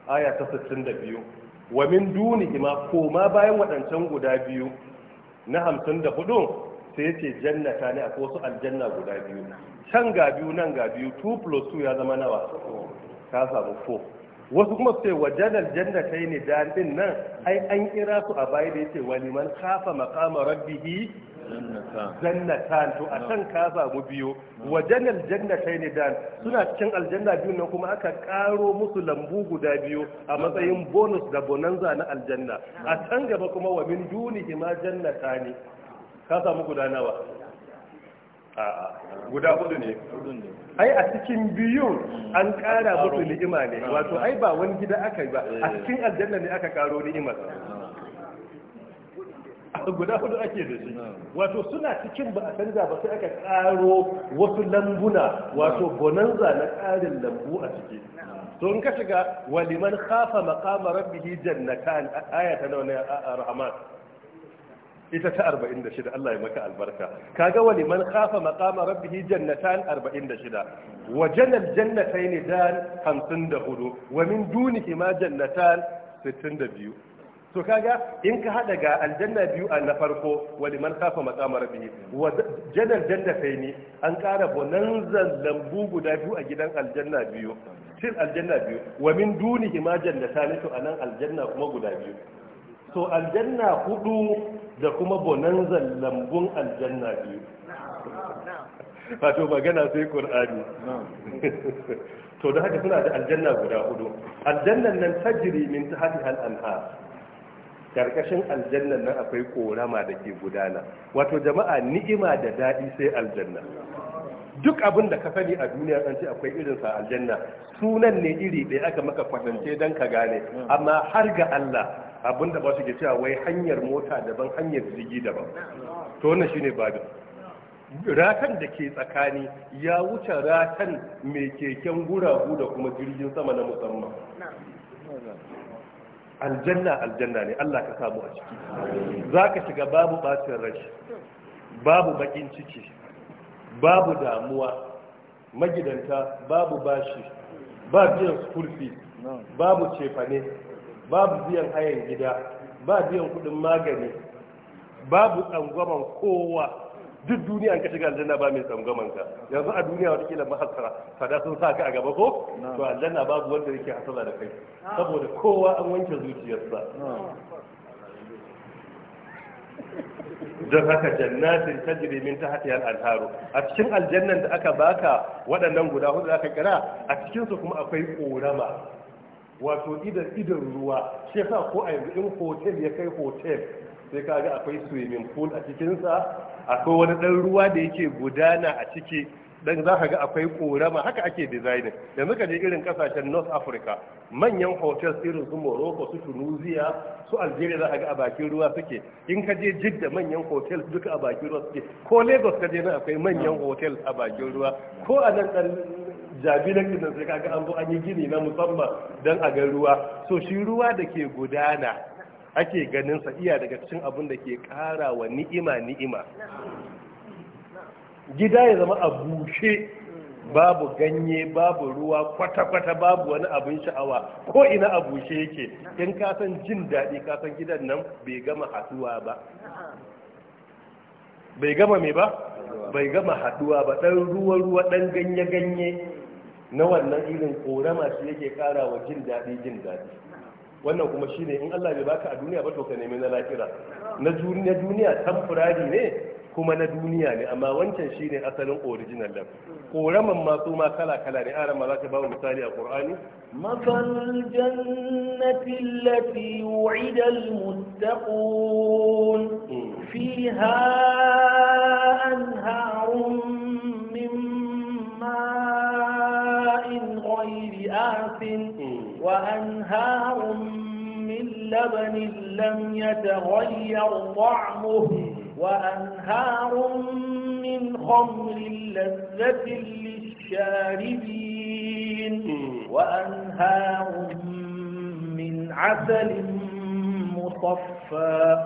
ayata 62 wa min duni ko koma bayan waɗancan guda biyu na hamsin da hudu sai ce jannata ne a wasu aljanna guda biyu can ga biyu nan ga biyu 2 plus 2 ya zama nawa ka samu 4 wasu kuma sai wajen aljannata ne daɗin nan ai an kira su a baya da ya ce man kafa makama rabbihi jannatan to a can ka samu biyu wa jannal jannatai ne dan suna cikin aljanna biyu nan kuma aka karo musu lambu guda biyu a matsayin bonus da bonanza na aljanna a can gaba kuma wa min dunihi ma ne. ka samu guda nawa guda hudu ne ai a cikin biyun an kara musu ni'ima ne wato ai ba wani gida aka yi ba a eh. cikin aljanna ne aka karo ni'imar eh. *laughs* guda hudu ake da shi wato suna cikin ba a canza ba sai aka karo wasu lambuna wato bonanza na karin lambu a ciki to ka shiga waliman khafa maqama rabbih jannatan aya ta nawa ne a rahman ita ta 46 Allah ya maka albarka kaga waliman khafa maqama rabbih jannatan 46 wa jannal jannatayn dan 54 wa min dunihi ma jannatan 62 to kaga in ka hada ga aljanna biyu a na farko wani man kafa matsama rabbi wa janar kai ne an kara bonanzan lambu guda biyu a gidan aljanna biyu fil aljanna biyu wa min dunihi ma jannata ne to anan aljanna kuma guda biyu to aljanna hudu da kuma bonanzan lambun aljanna biyu wato magana sai qur'ani to da haka suna da aljanna guda hudu aljannan nan tajri min tahtiha al-anhar karkashin aljanna nan akwai korama da ke gudana wato jama'a ni'ima da daɗi sai aljanna duk abin da ka sani a duniya an ce akwai irinsa aljanna sunan ne iri ɗaya aka maka fahimce dan ka gane amma har ga Allah abin da ba su ke cewa wai hanyar mota daban hanyar jirgi daban to wannan shine babin ratan da ke tsakani ya wuce ratan mai keken guragu da kuma jirgin sama na musamman aljanna aljanna ne Allah ka samu a ciki Za ka shiga babu bacin rashi babu bakin ciki babu damuwa magidanta babu bashi ba biyan kurfi babu cefane babu biyan hayan gida ba biyan kudin magani babu tsangwaman kowa duk duniya ka shiga aljanna ba mai tsangaman ka yanzu a duniya wata kila mahassara sada sun sa ka a gaba ko to aljanna babu wanda yake hasala da kai saboda kowa an wanke zuciyarsa don haka jannatin tajri min tahtiha al-anharu a cikin aljannan da aka baka waɗannan guda hudu aka kira a cikin kuma akwai korama wato idan idan ruwa shi yasa ko a yanzu in hotel ya kai hotel sai kaga akwai swimming pool a cikinsa akwai wani ɗan ruwa da yake gudana a ciki ɗan za ka ga akwai ƙorama haka ake dizainin da muka je irin ƙasashen north africa manyan otal irin su morocco su tunisia su algeria za ka ga a bakin ruwa suke in ka je da manyan hotel duka a bakin ruwa suke ko lagos ka je nan akwai manyan otal a bakin ruwa ko a nan dan jabilan din sai kaga an an yi gini na musamman don a ga ruwa so shi ruwa da ke gudana ake ganin sa iya daga cikin abin da ke kara wa ni'ima ni'ima gida ya zama a bushe babu ganye babu ruwa kwata-kwata babu wani abin sha'awa ko ina a bushe yake in ka san jin daɗi ka san gidan nan bai gama haɗuwa ba bai gama me ba bai gama haɗuwa ba ɗan ruwa-ruwa ɗan ganye-ganye na wannan irin ƙorama shi yake ƙara wa jin daɗi jin daɗi wannan kuma shine in Allah bai baka a duniya ba to ka nemi na lahira na duniya tamfurari ne kuma na duniya ne amma wancan shine asalin original din koraman ma su ma kala kala ne Arama ma zaka ba misali a Qur'ani masal jannati allati wu'ida almuttaqun hmm. fiha anharun min ma'in ghayri asin hmm. وأنهار من لبن لم يتغير طعمه وأنهار من خمر لذة للشاربين وأنهار من عسل مصفى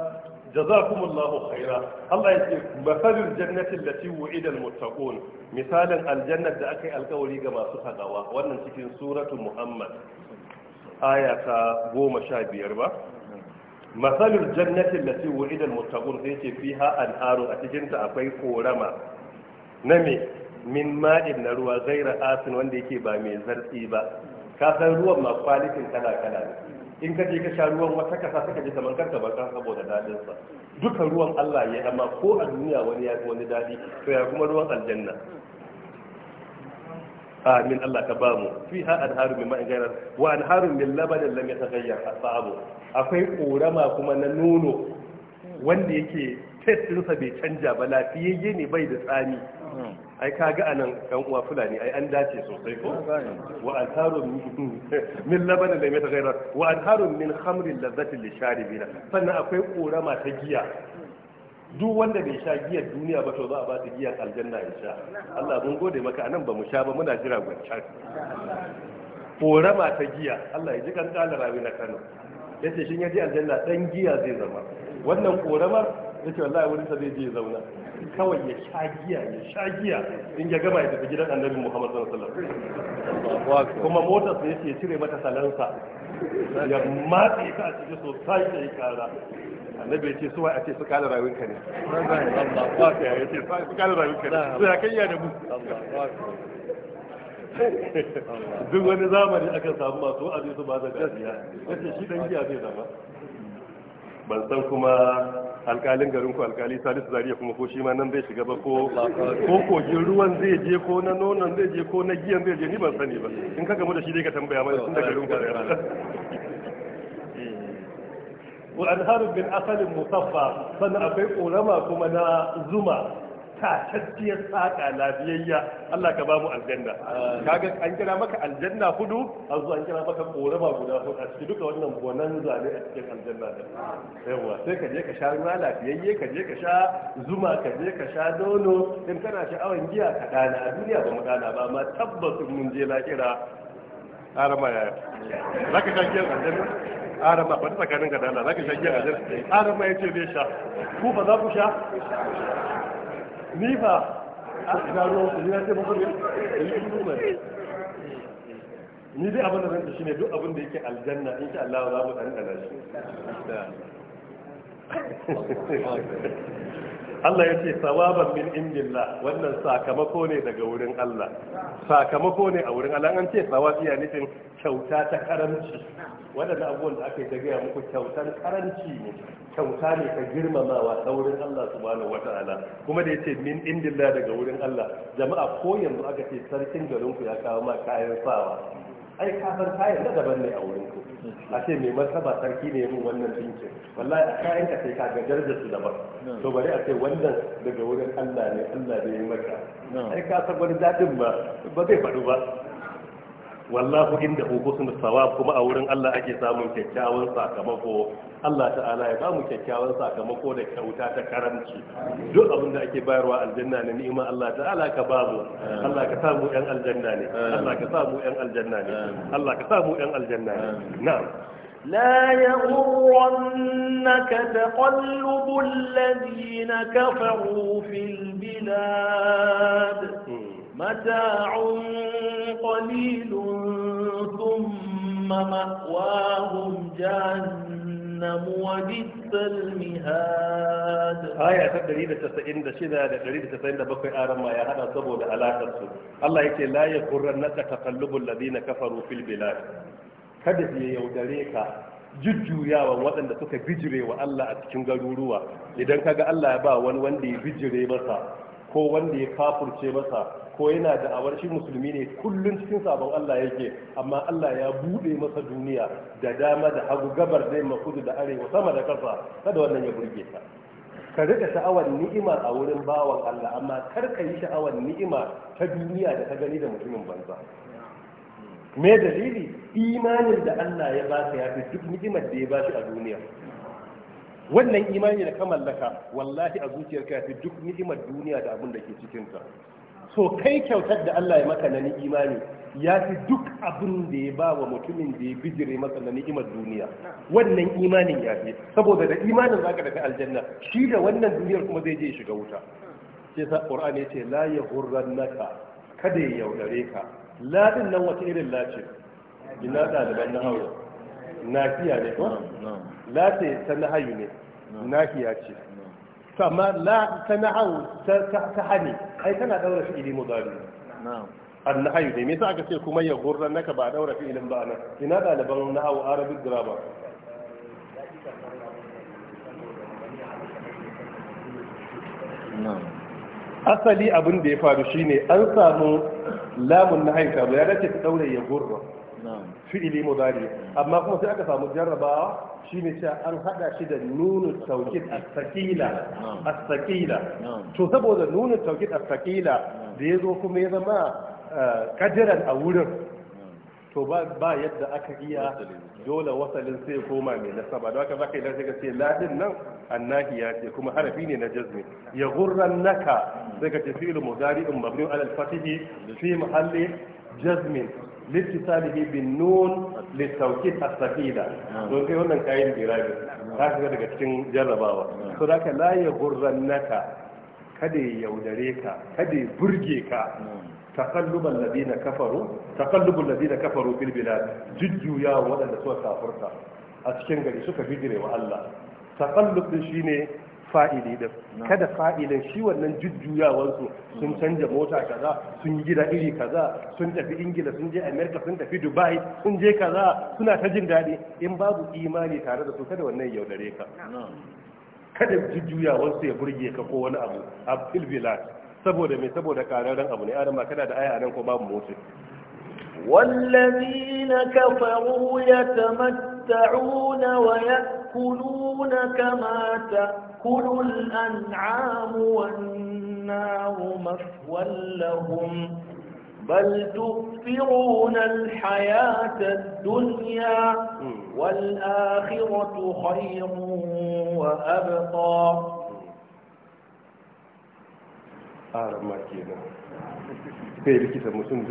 جزاكم الله خيرا الله يسير مفاد الجنة التي وعد المتقون مثالا الجنة da القولي كما alkawari وانا سورة محمد aya ta goma sha biyar ba masalul jannatin da ce wa'idal mutaqun sai ce fiha haro a cikin ta akwai korama na me min ma'in na ruwa Zaira asin wanda yake ba mai zartsi ba ka san ruwan ma kwalitin kala kala in ka je ka sha ruwan wata kasa suka ji kamar karka ba kan saboda dadin sa duka ruwan Allah ya amma ko a duniya wani ya wani dadi to ya kuma ruwan aljanna amin Allah ka ba mu fi ha anharu min ma'in gairar wa anharu min labanin lam yataghayyar asabu akwai korama kuma na nono wanda yake testinsa bai canja ba lafiyayye ne bai da tsami ai kaga anan yan uwa fulani ai an dace sosai ko wa anharun min labanin lam yataghayyar wa anharun min khamrin lazzatin lisharibina sannan akwai korama ta giya duk wanda bai sha giyar duniya ba to za a ba su giyar aljanna ya sha Allah mun gode maka anan ba mu sha ba muna jira gwancan korama ta giya Allah ya ji kan kala rawi na Kano yace shin ya ji aljanna dan giya zai zama wannan koramar yace wallahi wurin sa zai je zauna kawai ya sha giya ya sha giya in ya gama ya tafi gidan Annabi Muhammad sallallahu alaihi wasallam kuma motar sa yace ya cire mata salansa ya matse ta a cikin sosai yi kara annabi ya ce suwa a ce su kala rayuwarka ne ya ce su kala rayuwarka ne su ya kanya da mu duk wani zamani aka samu masu wa'azi su ba da gaskiya yace shi dan giya zai zama ban san kuma alkalin garin ku alkali salisu zariya kuma ko shi ma nan zai shiga ba ko ko kogin ruwan zai je ko na nonon zai je ko na giyan zai je ni ban sani ba in ka gamu da shi dai ka tambaya mai tun da garin ku wa anharu bin asalin musaffa sannan akwai ƙorama kuma na zuma tatacciyar saƙa lafiyayya Allah ka ba mu aljanna kaga an kira maka aljanna hudu an zo an kira maka ƙorama guda hudu a cikin duka wannan bonanza zane a cikin aljanna da yawa sai ka je ka sha ruwa lafiyayye ka je ka sha zuma ka je ka sha nono in kana sha'awan giya ka dana a duniya ba mu dana ba amma tabbas mun je lahira ƙara ma yaya za ka sha giyan aljanna ƙara ta tsakanin ka zaka a za ku sha ni ah, ina ruwan ku ne ni dai abin da zan shi ne duk abin da yake aljanna insha Allah za mu ɗanɗana shi *laughs* Allah ya ce sawaban min indillah wannan sakamako ne daga wurin Allah sakamako ne a wurin Allah an ce sawabi ya nufin kyauta ta karanci waɗannan abubuwan da aka yi gaya muku kyautar karanci ne kyauta ne ta girmamawa ta wurin Allah subhanahu wata'ala kuma da yace min indillah daga wurin Allah jama'a ko yanzu aka ce sarkin garinku ya kawo ma kayan sawa ai kafar kayan na daban ne a wurin ku a ce mai martaba sarki ne mun wannan dinkin wallahi a kayan ka sai ka ga darajar su daban to bari a ce wannan daga wurin Allah ne Allah ne ya maka ai ka san wani dadin ba ba zai faɗu ba wallahu inda husnul sawab kuma a wurin Allah ake samun kyakkyawan sakamako Allah ta'ala ya bamu kyakkyawan sakamako da kyauta ta karamci duk abin da ake bayarwa aljanna ne ni'ima Allah ta'ala ka bamu Allah ka samu yan aljanna ne Allah ka samu yan aljanna ne Allah ka samu yan aljanna ne na'am لا يغرنك تقلب الذين كفروا في البلاد hmm. متاع قليل ثم مأواهم جهنم وبئس المهاد آية تدريد التسعين ده شدة تدريد التسعين ده بقي آرم ما يهدى صبو ده على تسو الله يكي لا يقرنك تقلب الذين كفروا في البلاد kada ya yaudare ka jujjuyawa waɗanda suka bijire wa Allah a cikin garuruwa idan kaga Allah ya ba wani wanda ya bijire masa ko wanda ya kafurce masa ko yana da awarci musulmi ne kullum cikin sabon Allah yake amma Allah ya bude masa duniya da dama da hagu gabar da yamma kudu da arewa sama da kasa kada wannan ya burge ta. ka rika sha'awar ni'ima a wurin bawan Allah amma kar ka yi sha'awar ni'ima ta duniya da ta gani da mutumin banza me dalili imanin da Allah ya baka ya fi duk ni'imar da ya ba shi a duniya wannan imani da ka mallaka wallahi a zuciyarka ya fi duk ni'imar duniya da abin da ke cikinta so kai kyautar da Allah ya maka na imani ya fi duk abin da ya ba wa mutumin da ya bijire masa na ni'imar duniya wannan imanin ya fi saboda da imanin zaka tafi aljanna shi da wannan duniyar kuma zai je shiga wuta sai sa qur'ani ya ce la yahurrannaka kada ya yaudare ka ladin nan wata irin lace ina ɗaliban na hawa nafiya ne ko la ta nahayu ne nafiya ce to la ta nahawu ta hani ai tana daura ilimu, mudari an nahayu ne me yasa aka ce kuma ya gurran naka ba daura ilim ba nan ina ɗaliban nahawu arabic grammar asali abin da ya faru shine an samu lamun nahayu ta ya dace ta daura ya gurra fi'ili mudari amma kuma sai aka samu jarrabawa shine cewa an hada shi da nunu tawkid as-sakila as-sakila to saboda nunu tawkid as-sakila da yazo kuma ya zama kadiran eh, a wurin to ba yadda aka iya dole wasalin sai koma mai nasaba don haka zaka yi lafiya ce ladin nan annahiya ce kuma harafi ne na jazmi ya gurran naka daga tafi'il mudari'un mabniun alal fatihi fi mahalli jazmin littisalihi bin nun littauki asafida don kai wannan kayan birabi ta shiga daga cikin jarrabawa so da ka la ya gurrannaka kada ya yaudare ka kada ya burge ka تقلب الذين كفروا تقلب الذين كفروا في البلاد جدوا يا ولد سوى كافرتا أتكين غري سوى بجري والله تقلب شيني fa'ili da kada fa'ilin shi wannan jujjuyawansu sun canja mota kaza sun yi gida iri kaza sun tafi ingila sun je america sun tafi dubai sun je kaza suna ta jin daɗi in babu imani tare da su kada wannan yaudare ka kada jujjuyawansu ya burge ka ko wani abu a filbilat saboda mai saboda kararren abu ne adama kana da aya a nan ko babu motsi والذين كفروا يتمتعون ويأكلون كما تأكل تأكل الأنعام والنار مثوى لهم بل تؤثرون الحياة الدنيا والآخرة خير وأبقى أرمى كده sai rikita mutum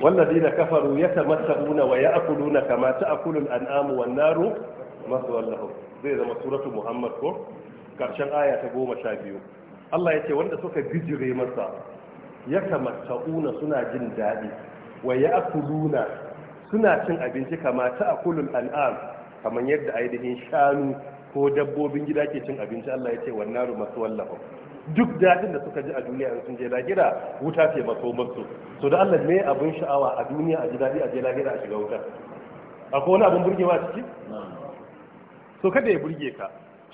والذين كفروا يتمتعون ويأكلون كما تأكل الأنعام والنار مثوى لهم zai zama suratu muhammad ko karshen aya ta goma sha biyu Allah ya ce wanda suka bijire masa ya kamatta'una suna jin daɗi wa ya akuluna suna cin abinci kamata a akulul al'am kamar yadda ainihin shanu ko dabbobin gida ke cin abinci Allah ya ce wannan ru masu wallafa duk daɗin da suka ji a duniya in sun je lahira wuta ce maso masu so da Allah me abin sha'awa a duniya a ji daɗi a je lahira a shiga wuta akwai wani abin burgewa ciki so kada ya burge ka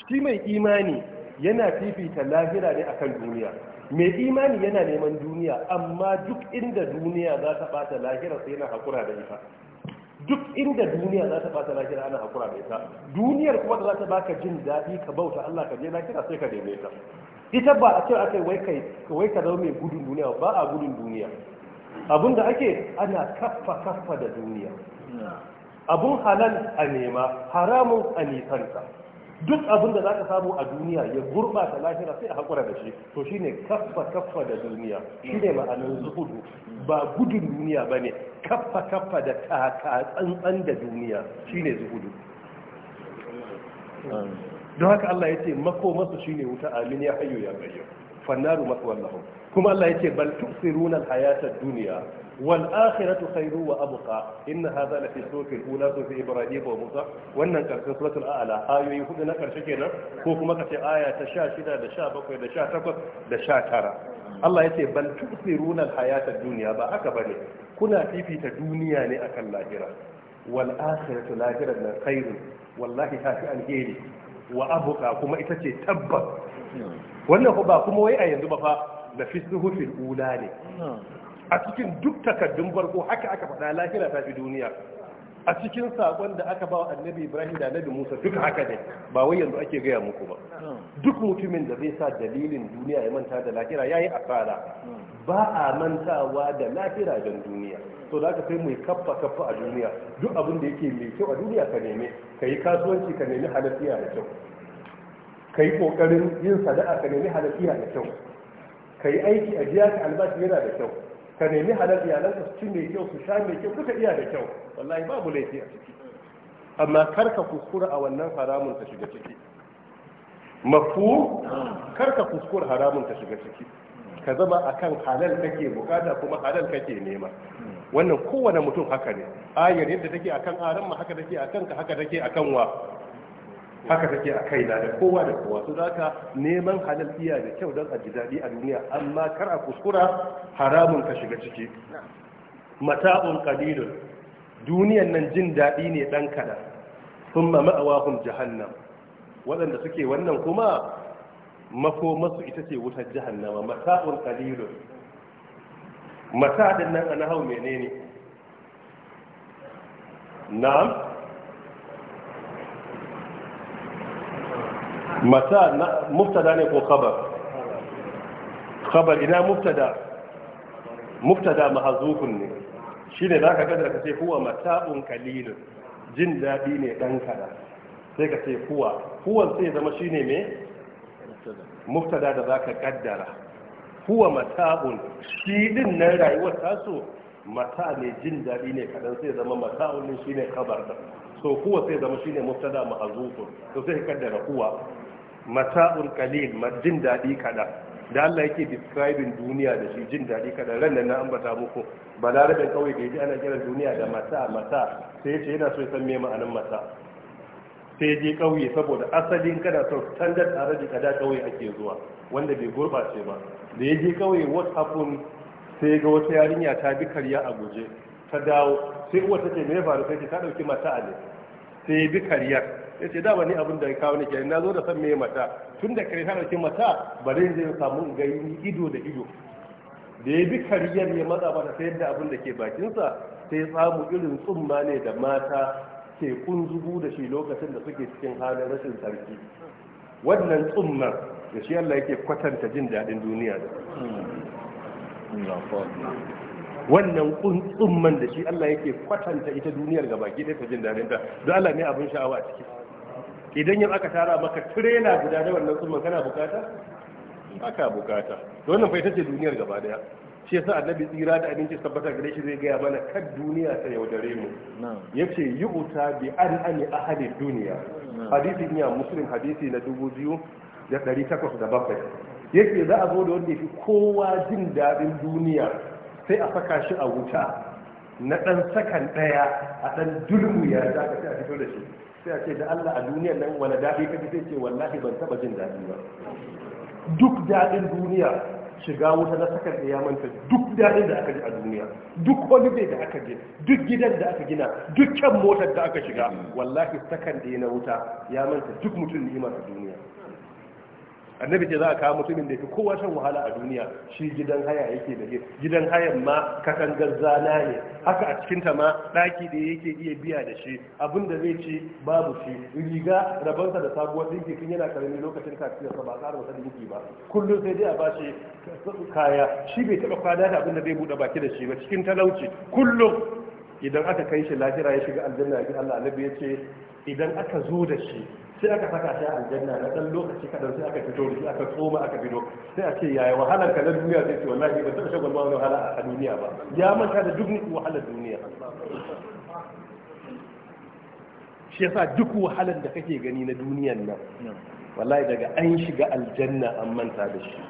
shi mai imani yana fifita lahira ne akan duniya mai imani yana neman duniya amma duk inda duniya za ta bata lahira sai yana hakura da ita duk inda duniya za ta bata lahira ana hakura da ita duniyar kuma da za ta baka jin daɗi ka bauta Allah ka je lahira sai ka neme ta ita ba a cewa akai wai kai wai ka zama mai gudun duniya ba a gudun duniya abinda ake ana kaffa kaffa da duniya abun halal a nema haramun a nisanta duk abin da za ka samu a duniya ya gurɓata lahira sai a haƙura da shi to shi ne kaffa kaffa da duniya shi ne ma'anar zuhudu ba gudun duniya ba ne kaffa kaffa da taka tsantsan da duniya shi ne zuhudu don haka Allah ya ce masu shi ne wuta amin ya hayo ya bayyo fannaru masu wallahun kuma Allah ya ce bal tuksiruna hayata duniya والآخرة خير وأبقى إن هذا لفي سورة الأولى سورة إبراهيم وموسى وأن كرسي سورة الأعلى آية يكون لك شكينا كوكما كتي آية تشا شدا دشا بقوي دشا تقوى دشا ترى الله يتي بل تؤثرون الحياة الدنيا بأك بني كنا في في تدنيا لأك اللاهرة والآخرة لاهرة خير والله هذه الهيري وأبقى كما إتتي تبا وأنه با كما ويأي يندب فا لفي سورة الأولى a cikin duk takaddun farko haka aka faɗa lahira ta fi duniya a cikin sakon da aka ba wa annabi ibrahim da annabi musa duk haka ne ba wai yanzu ake gaya muku ba duk mutumin da zai sa dalilin duniya ya manta da lahira ya yi asara ba a mantawa da lahira don duniya to da aka sai mu kaffa kaffa a duniya duk abin da yake mai kyau a duniya ka neme ka yi kasuwanci ka nemi halafiya da kyau ka yi kokarin yin sada'a ka nemi halafiya da kyau ka yi aiki a jiya ka albashi yana da kyau ka nemi halal iyalanka su ci mai kyau su sha mai kyau duka iya da kyau wallahi babu laifi a ciki amma kar ka kuskura a wannan haramun ta shiga ciki mafu kar ka kuskura haramun ta shiga ciki ka zama akan halal kake bukata kuma halal kake nema wannan kowane mutum haka ne ayar yadda take akan aran haka take akan ka haka take akan wa haka take a kaina da kowa da kowa su zaka neman halal iya da kyau don a ji daɗi a duniya amma kar a kuskura haramun ka shiga ciki mata'un qalilun duniyan nan jin daɗi ne dan kada thumma ma'awahum jahannam waɗanda suke wannan kuma masu ita ce wutar jahannama mata'un qalilun mata nan a nahau menene na'am mata muftada ne ko khabar khabar ina muftada muftada mahazukun ne shine zaka ga da kace huwa mata'un qalilun jin dadi ne dan kada sai ka ce huwa huwan sai zama shine me muftada da zaka kaddara huwa mata'un shi din nan rayuwar taso mata ne jin dadi ne kadan sai zama mata'un shine khabar da so huwa sai zama shine muftada mahazukun. to sai kaddara huwa. mata'un qalil jin dadi kada da Allah yake describing duniya da shi jin dadi kada ran nan na ambata muku balarabin kawai da yaji ana kiran duniya da mata mata sai yace yana so ya san me ma'anar mata sai je kauye saboda asalin kana so standard arabic kada kauye ake zuwa wanda bai gurbace ba da yaje kauye what happened sai ga wata yarinya ta bi karya a guje ta dawo sai uwar take me faru sai ta dauki mata ne sai bi karyar ya ce dama ni abin da ya kawo nake na zo da san me mata tun da kare har ke mata bare zai samu in ga ido da ido da ya bi kariyar ya matsa mata ta yadda abin da ke bakinsa sai samu irin tsumma ne da mata ke kunzugu da shi lokacin da suke cikin halin rashin sarki wannan tsumma da shi Allah yake kwatanta jin dadin duniya da wannan tsumman da shi Allah yake kwatanta ita duniyar gaba da ta jin daɗin ta don Allah ne abin sha'awa a cikin. idan yau aka tara maka tirela guda da wannan summan kana bukata aka bukata wannan fa ita ce duniyar gaba daya shi yasa annabi tsira da abinci tabbata gare shi zai gaya mana kan duniya ta yaudare mu yace yu'ta bi an ani ahli duniya hadisi ne muslim hadisi na dubu biyu da ɗari takwas da bakwai yake za a zo da wanda fi kowa jin daɗin duniya sai a saka shi a wuta na ɗan sakan ɗaya a ɗan dulmu ya za a fito da shi sai a ce da Allah a duniyar nan wani daɗi ka ji ce wallahi ban taɓa jin daɗi ba duk daɗin duniya shiga wuta na sakar da ya manta duk daɗin da aka ji a duniya duk bai da aka ji duk gidan da aka gina duk kyan motar da aka shiga wallahi sakar da ya na wuta ya manta duk mutum ni'imar duniya annabi ce za a kawo mutumin da ke kowa shan wahala a duniya shi gidan haya yake da gidan hayan ma katangar na ne haka a cikin ta ma daki da yake iya biya da shi abin da zai ci babu shi riga rabansa da sabuwar dinki tun yana karami lokacin kafiyar sa ba a ƙara wata dinki ba kullum sai dai a bashi kaya shi bai taba kwana da abin da zai buɗe baki da shi ba cikin talauci kullum idan aka kai shi lahira ya shiga aljanna ya Allah annabi ya ce idan aka zo da shi sai aka saka shi a aljanna na dan lokaci kadan sai aka fito shi aka tsoma aka fito sai a ce yaya wahalar ka na duniya sai ce wallahi ba taɓa shagon wani wahala a duniya ba ya manta da duk wahalar duniya shi yasa duk wahalar da kake gani na duniyan nan wallahi daga an shiga aljanna an manta da shi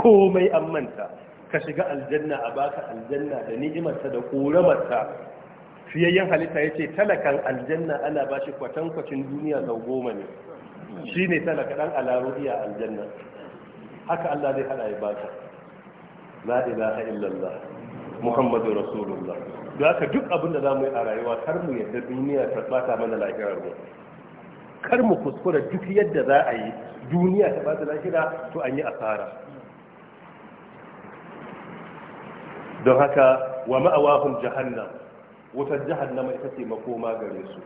komai an manta ka shiga aljanna a baka aljanna da ni'imarta da koramarta fiyayyen halitta ya ce talakan aljanna ana ba shi kwatankwacin duniya sau goma ne shi ne talaka ɗan alaruriya aljanna haka Allah zai hada ya bata la ilaha illallah muhammadu rasulullah da haka duk abin da za mu yi a rayuwa kar mu yadda duniya ta bata mana lahirar mu kar mu kuskura duk yadda za a yi duniya ta bata lahira to an yi asara don haka wa ma'awahun jahannam wutar jahannama ita ce makoma gare su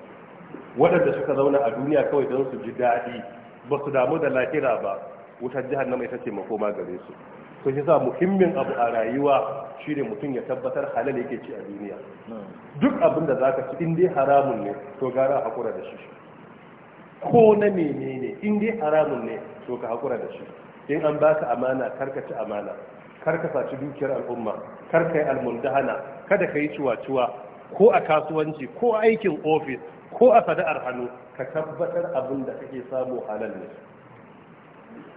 waɗanda suka zauna a duniya kawai don su ji daɗi ba su damu da lahira ba wutar jahannama ita ce makoma gare su to shi sa muhimmin abu a rayuwa shine mutum ya tabbatar halal yake ci a duniya duk abin da zaka ci in dai haramun ne to gara hakura da shi ko na menene in dai haramun ne to ka hakura da shi in an baka amana karka ci amana karka saci dukiyar al'umma karka yi almundahana kada ka yi ciwa-ciwa ko a kasuwanci ko aikin ofis ko a sada'ar hannu ka tabbatar abin da kake samu halal ne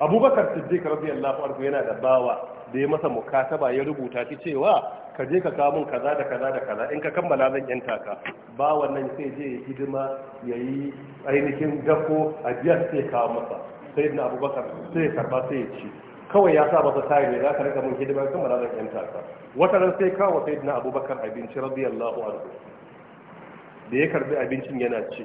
abubakar siddiq radiyallahu anhu yana da bawa da ya masa mukataba ya rubuta shi cewa ka je ka kawo mun kaza da kaza da kaza in ka kammala zan yanta taka. ba wannan sai je hidima ya yi ainihin dako a biyar sai kawo masa sai na abubakar sai ya karba sai ya ci kawai ya sa masa tayi ne za ka rika mun hidima kan ba yan taka wata ran sai kawo sai na abubakar abinci radiyallahu anhu da ya karbi abincin yana ci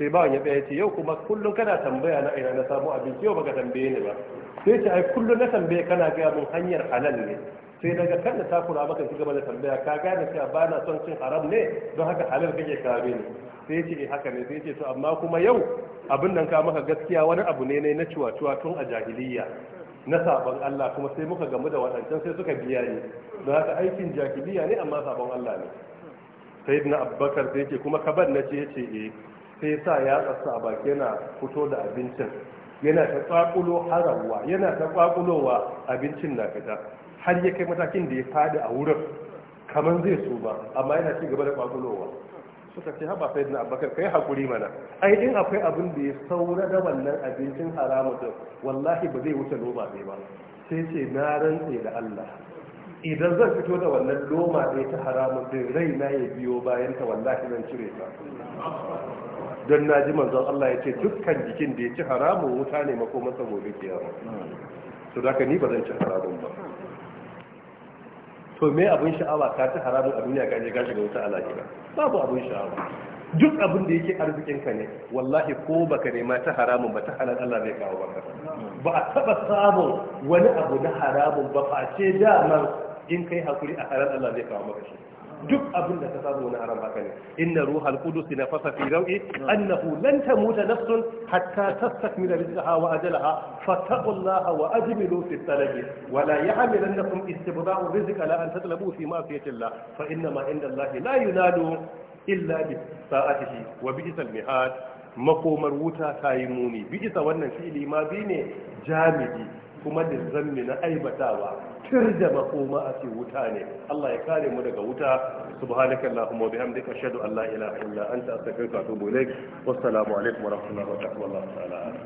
sai bawan ya tsaya ce yau kuma kullum kana tambaya na ina na samu abinci yau baka tambaye ni ba sai ce ai kullum na tambaye kana gaya mun hanyar halal ne sai daga kan da takura maka ci gaba da tambaya ka gane cewa ba na son cin haram ne don haka halal kake kare ni sai ce eh, haka ne sai ce to amma kuma yau abin nan ka maka gaskiya wani abu ne na ciwa-ciwa tun a jahiliya na sabon Allah kuma sai muka gamu da waɗancan sai suka biya ni don haka aikin jahiliya ne amma sabon Allah ne sai na abubakar da yake kuma kabar na ce ya ce eh sai sa ya tsasa a baki yana fito da abincin yana ta kwakulo harawa yana ta kwakulowa abincin na fita har ya kai matakin da ya fadi a wurin kamar zai su ba amma yana ci gaba da kwakulowa suka ce haba sai na abubakar kai hakuri mana ai in akwai abin da ya saura da wannan abincin haramu din wallahi ba zai wuce loma ne ba sai ce na rantse da Allah idan zan fito da wannan loma ne ta haramun din rai na ya biyo bayan ta wallahi zan cire ta don na ji manzon Allah ya ce dukkan jikin da ya ci haramu wuta ne masa gobe kiyama to da ni ba zan ci haramun ba to me abin sha'awa ka ci haramun a duniya gaje gashi ga wuta alahira babu abin sha'awa duk abin da yake arzikinka ne wallahi ko baka nema ta haramun ba ta halal Allah zai kawo baka ba a taba samun wani abu na haramun ba face damar in kai hakuri a halal Allah zai kawo maka shi duk abin da ka samu na haram haka ne inna ruhal qudus nafasa fi rawi annahu lan tamuta nafsun hatta tastakmila rizqaha wa ajalaha fattaqullaha wa ajmilu fi talab wa la ya'milannakum istibda'u rizqa la an tatlabu fi ma'siyati Allah fa inna ma inda Allah la yunalu illa bi sa'atihi wa bi'sal mihad makomar wuta ta yi muni bi isa wannan fi'ili ma bi ne jami'i kuma da zammi na aibatawa cir da makoma a ce wuta ne Allah ya kare mu daga wuta subhanaka allahumma wa bihamdika ashhadu an la ilaha illa anta astaghfiruka wa atubu ilaik wassalamu alaikum wa rahmatullahi wa barakatuh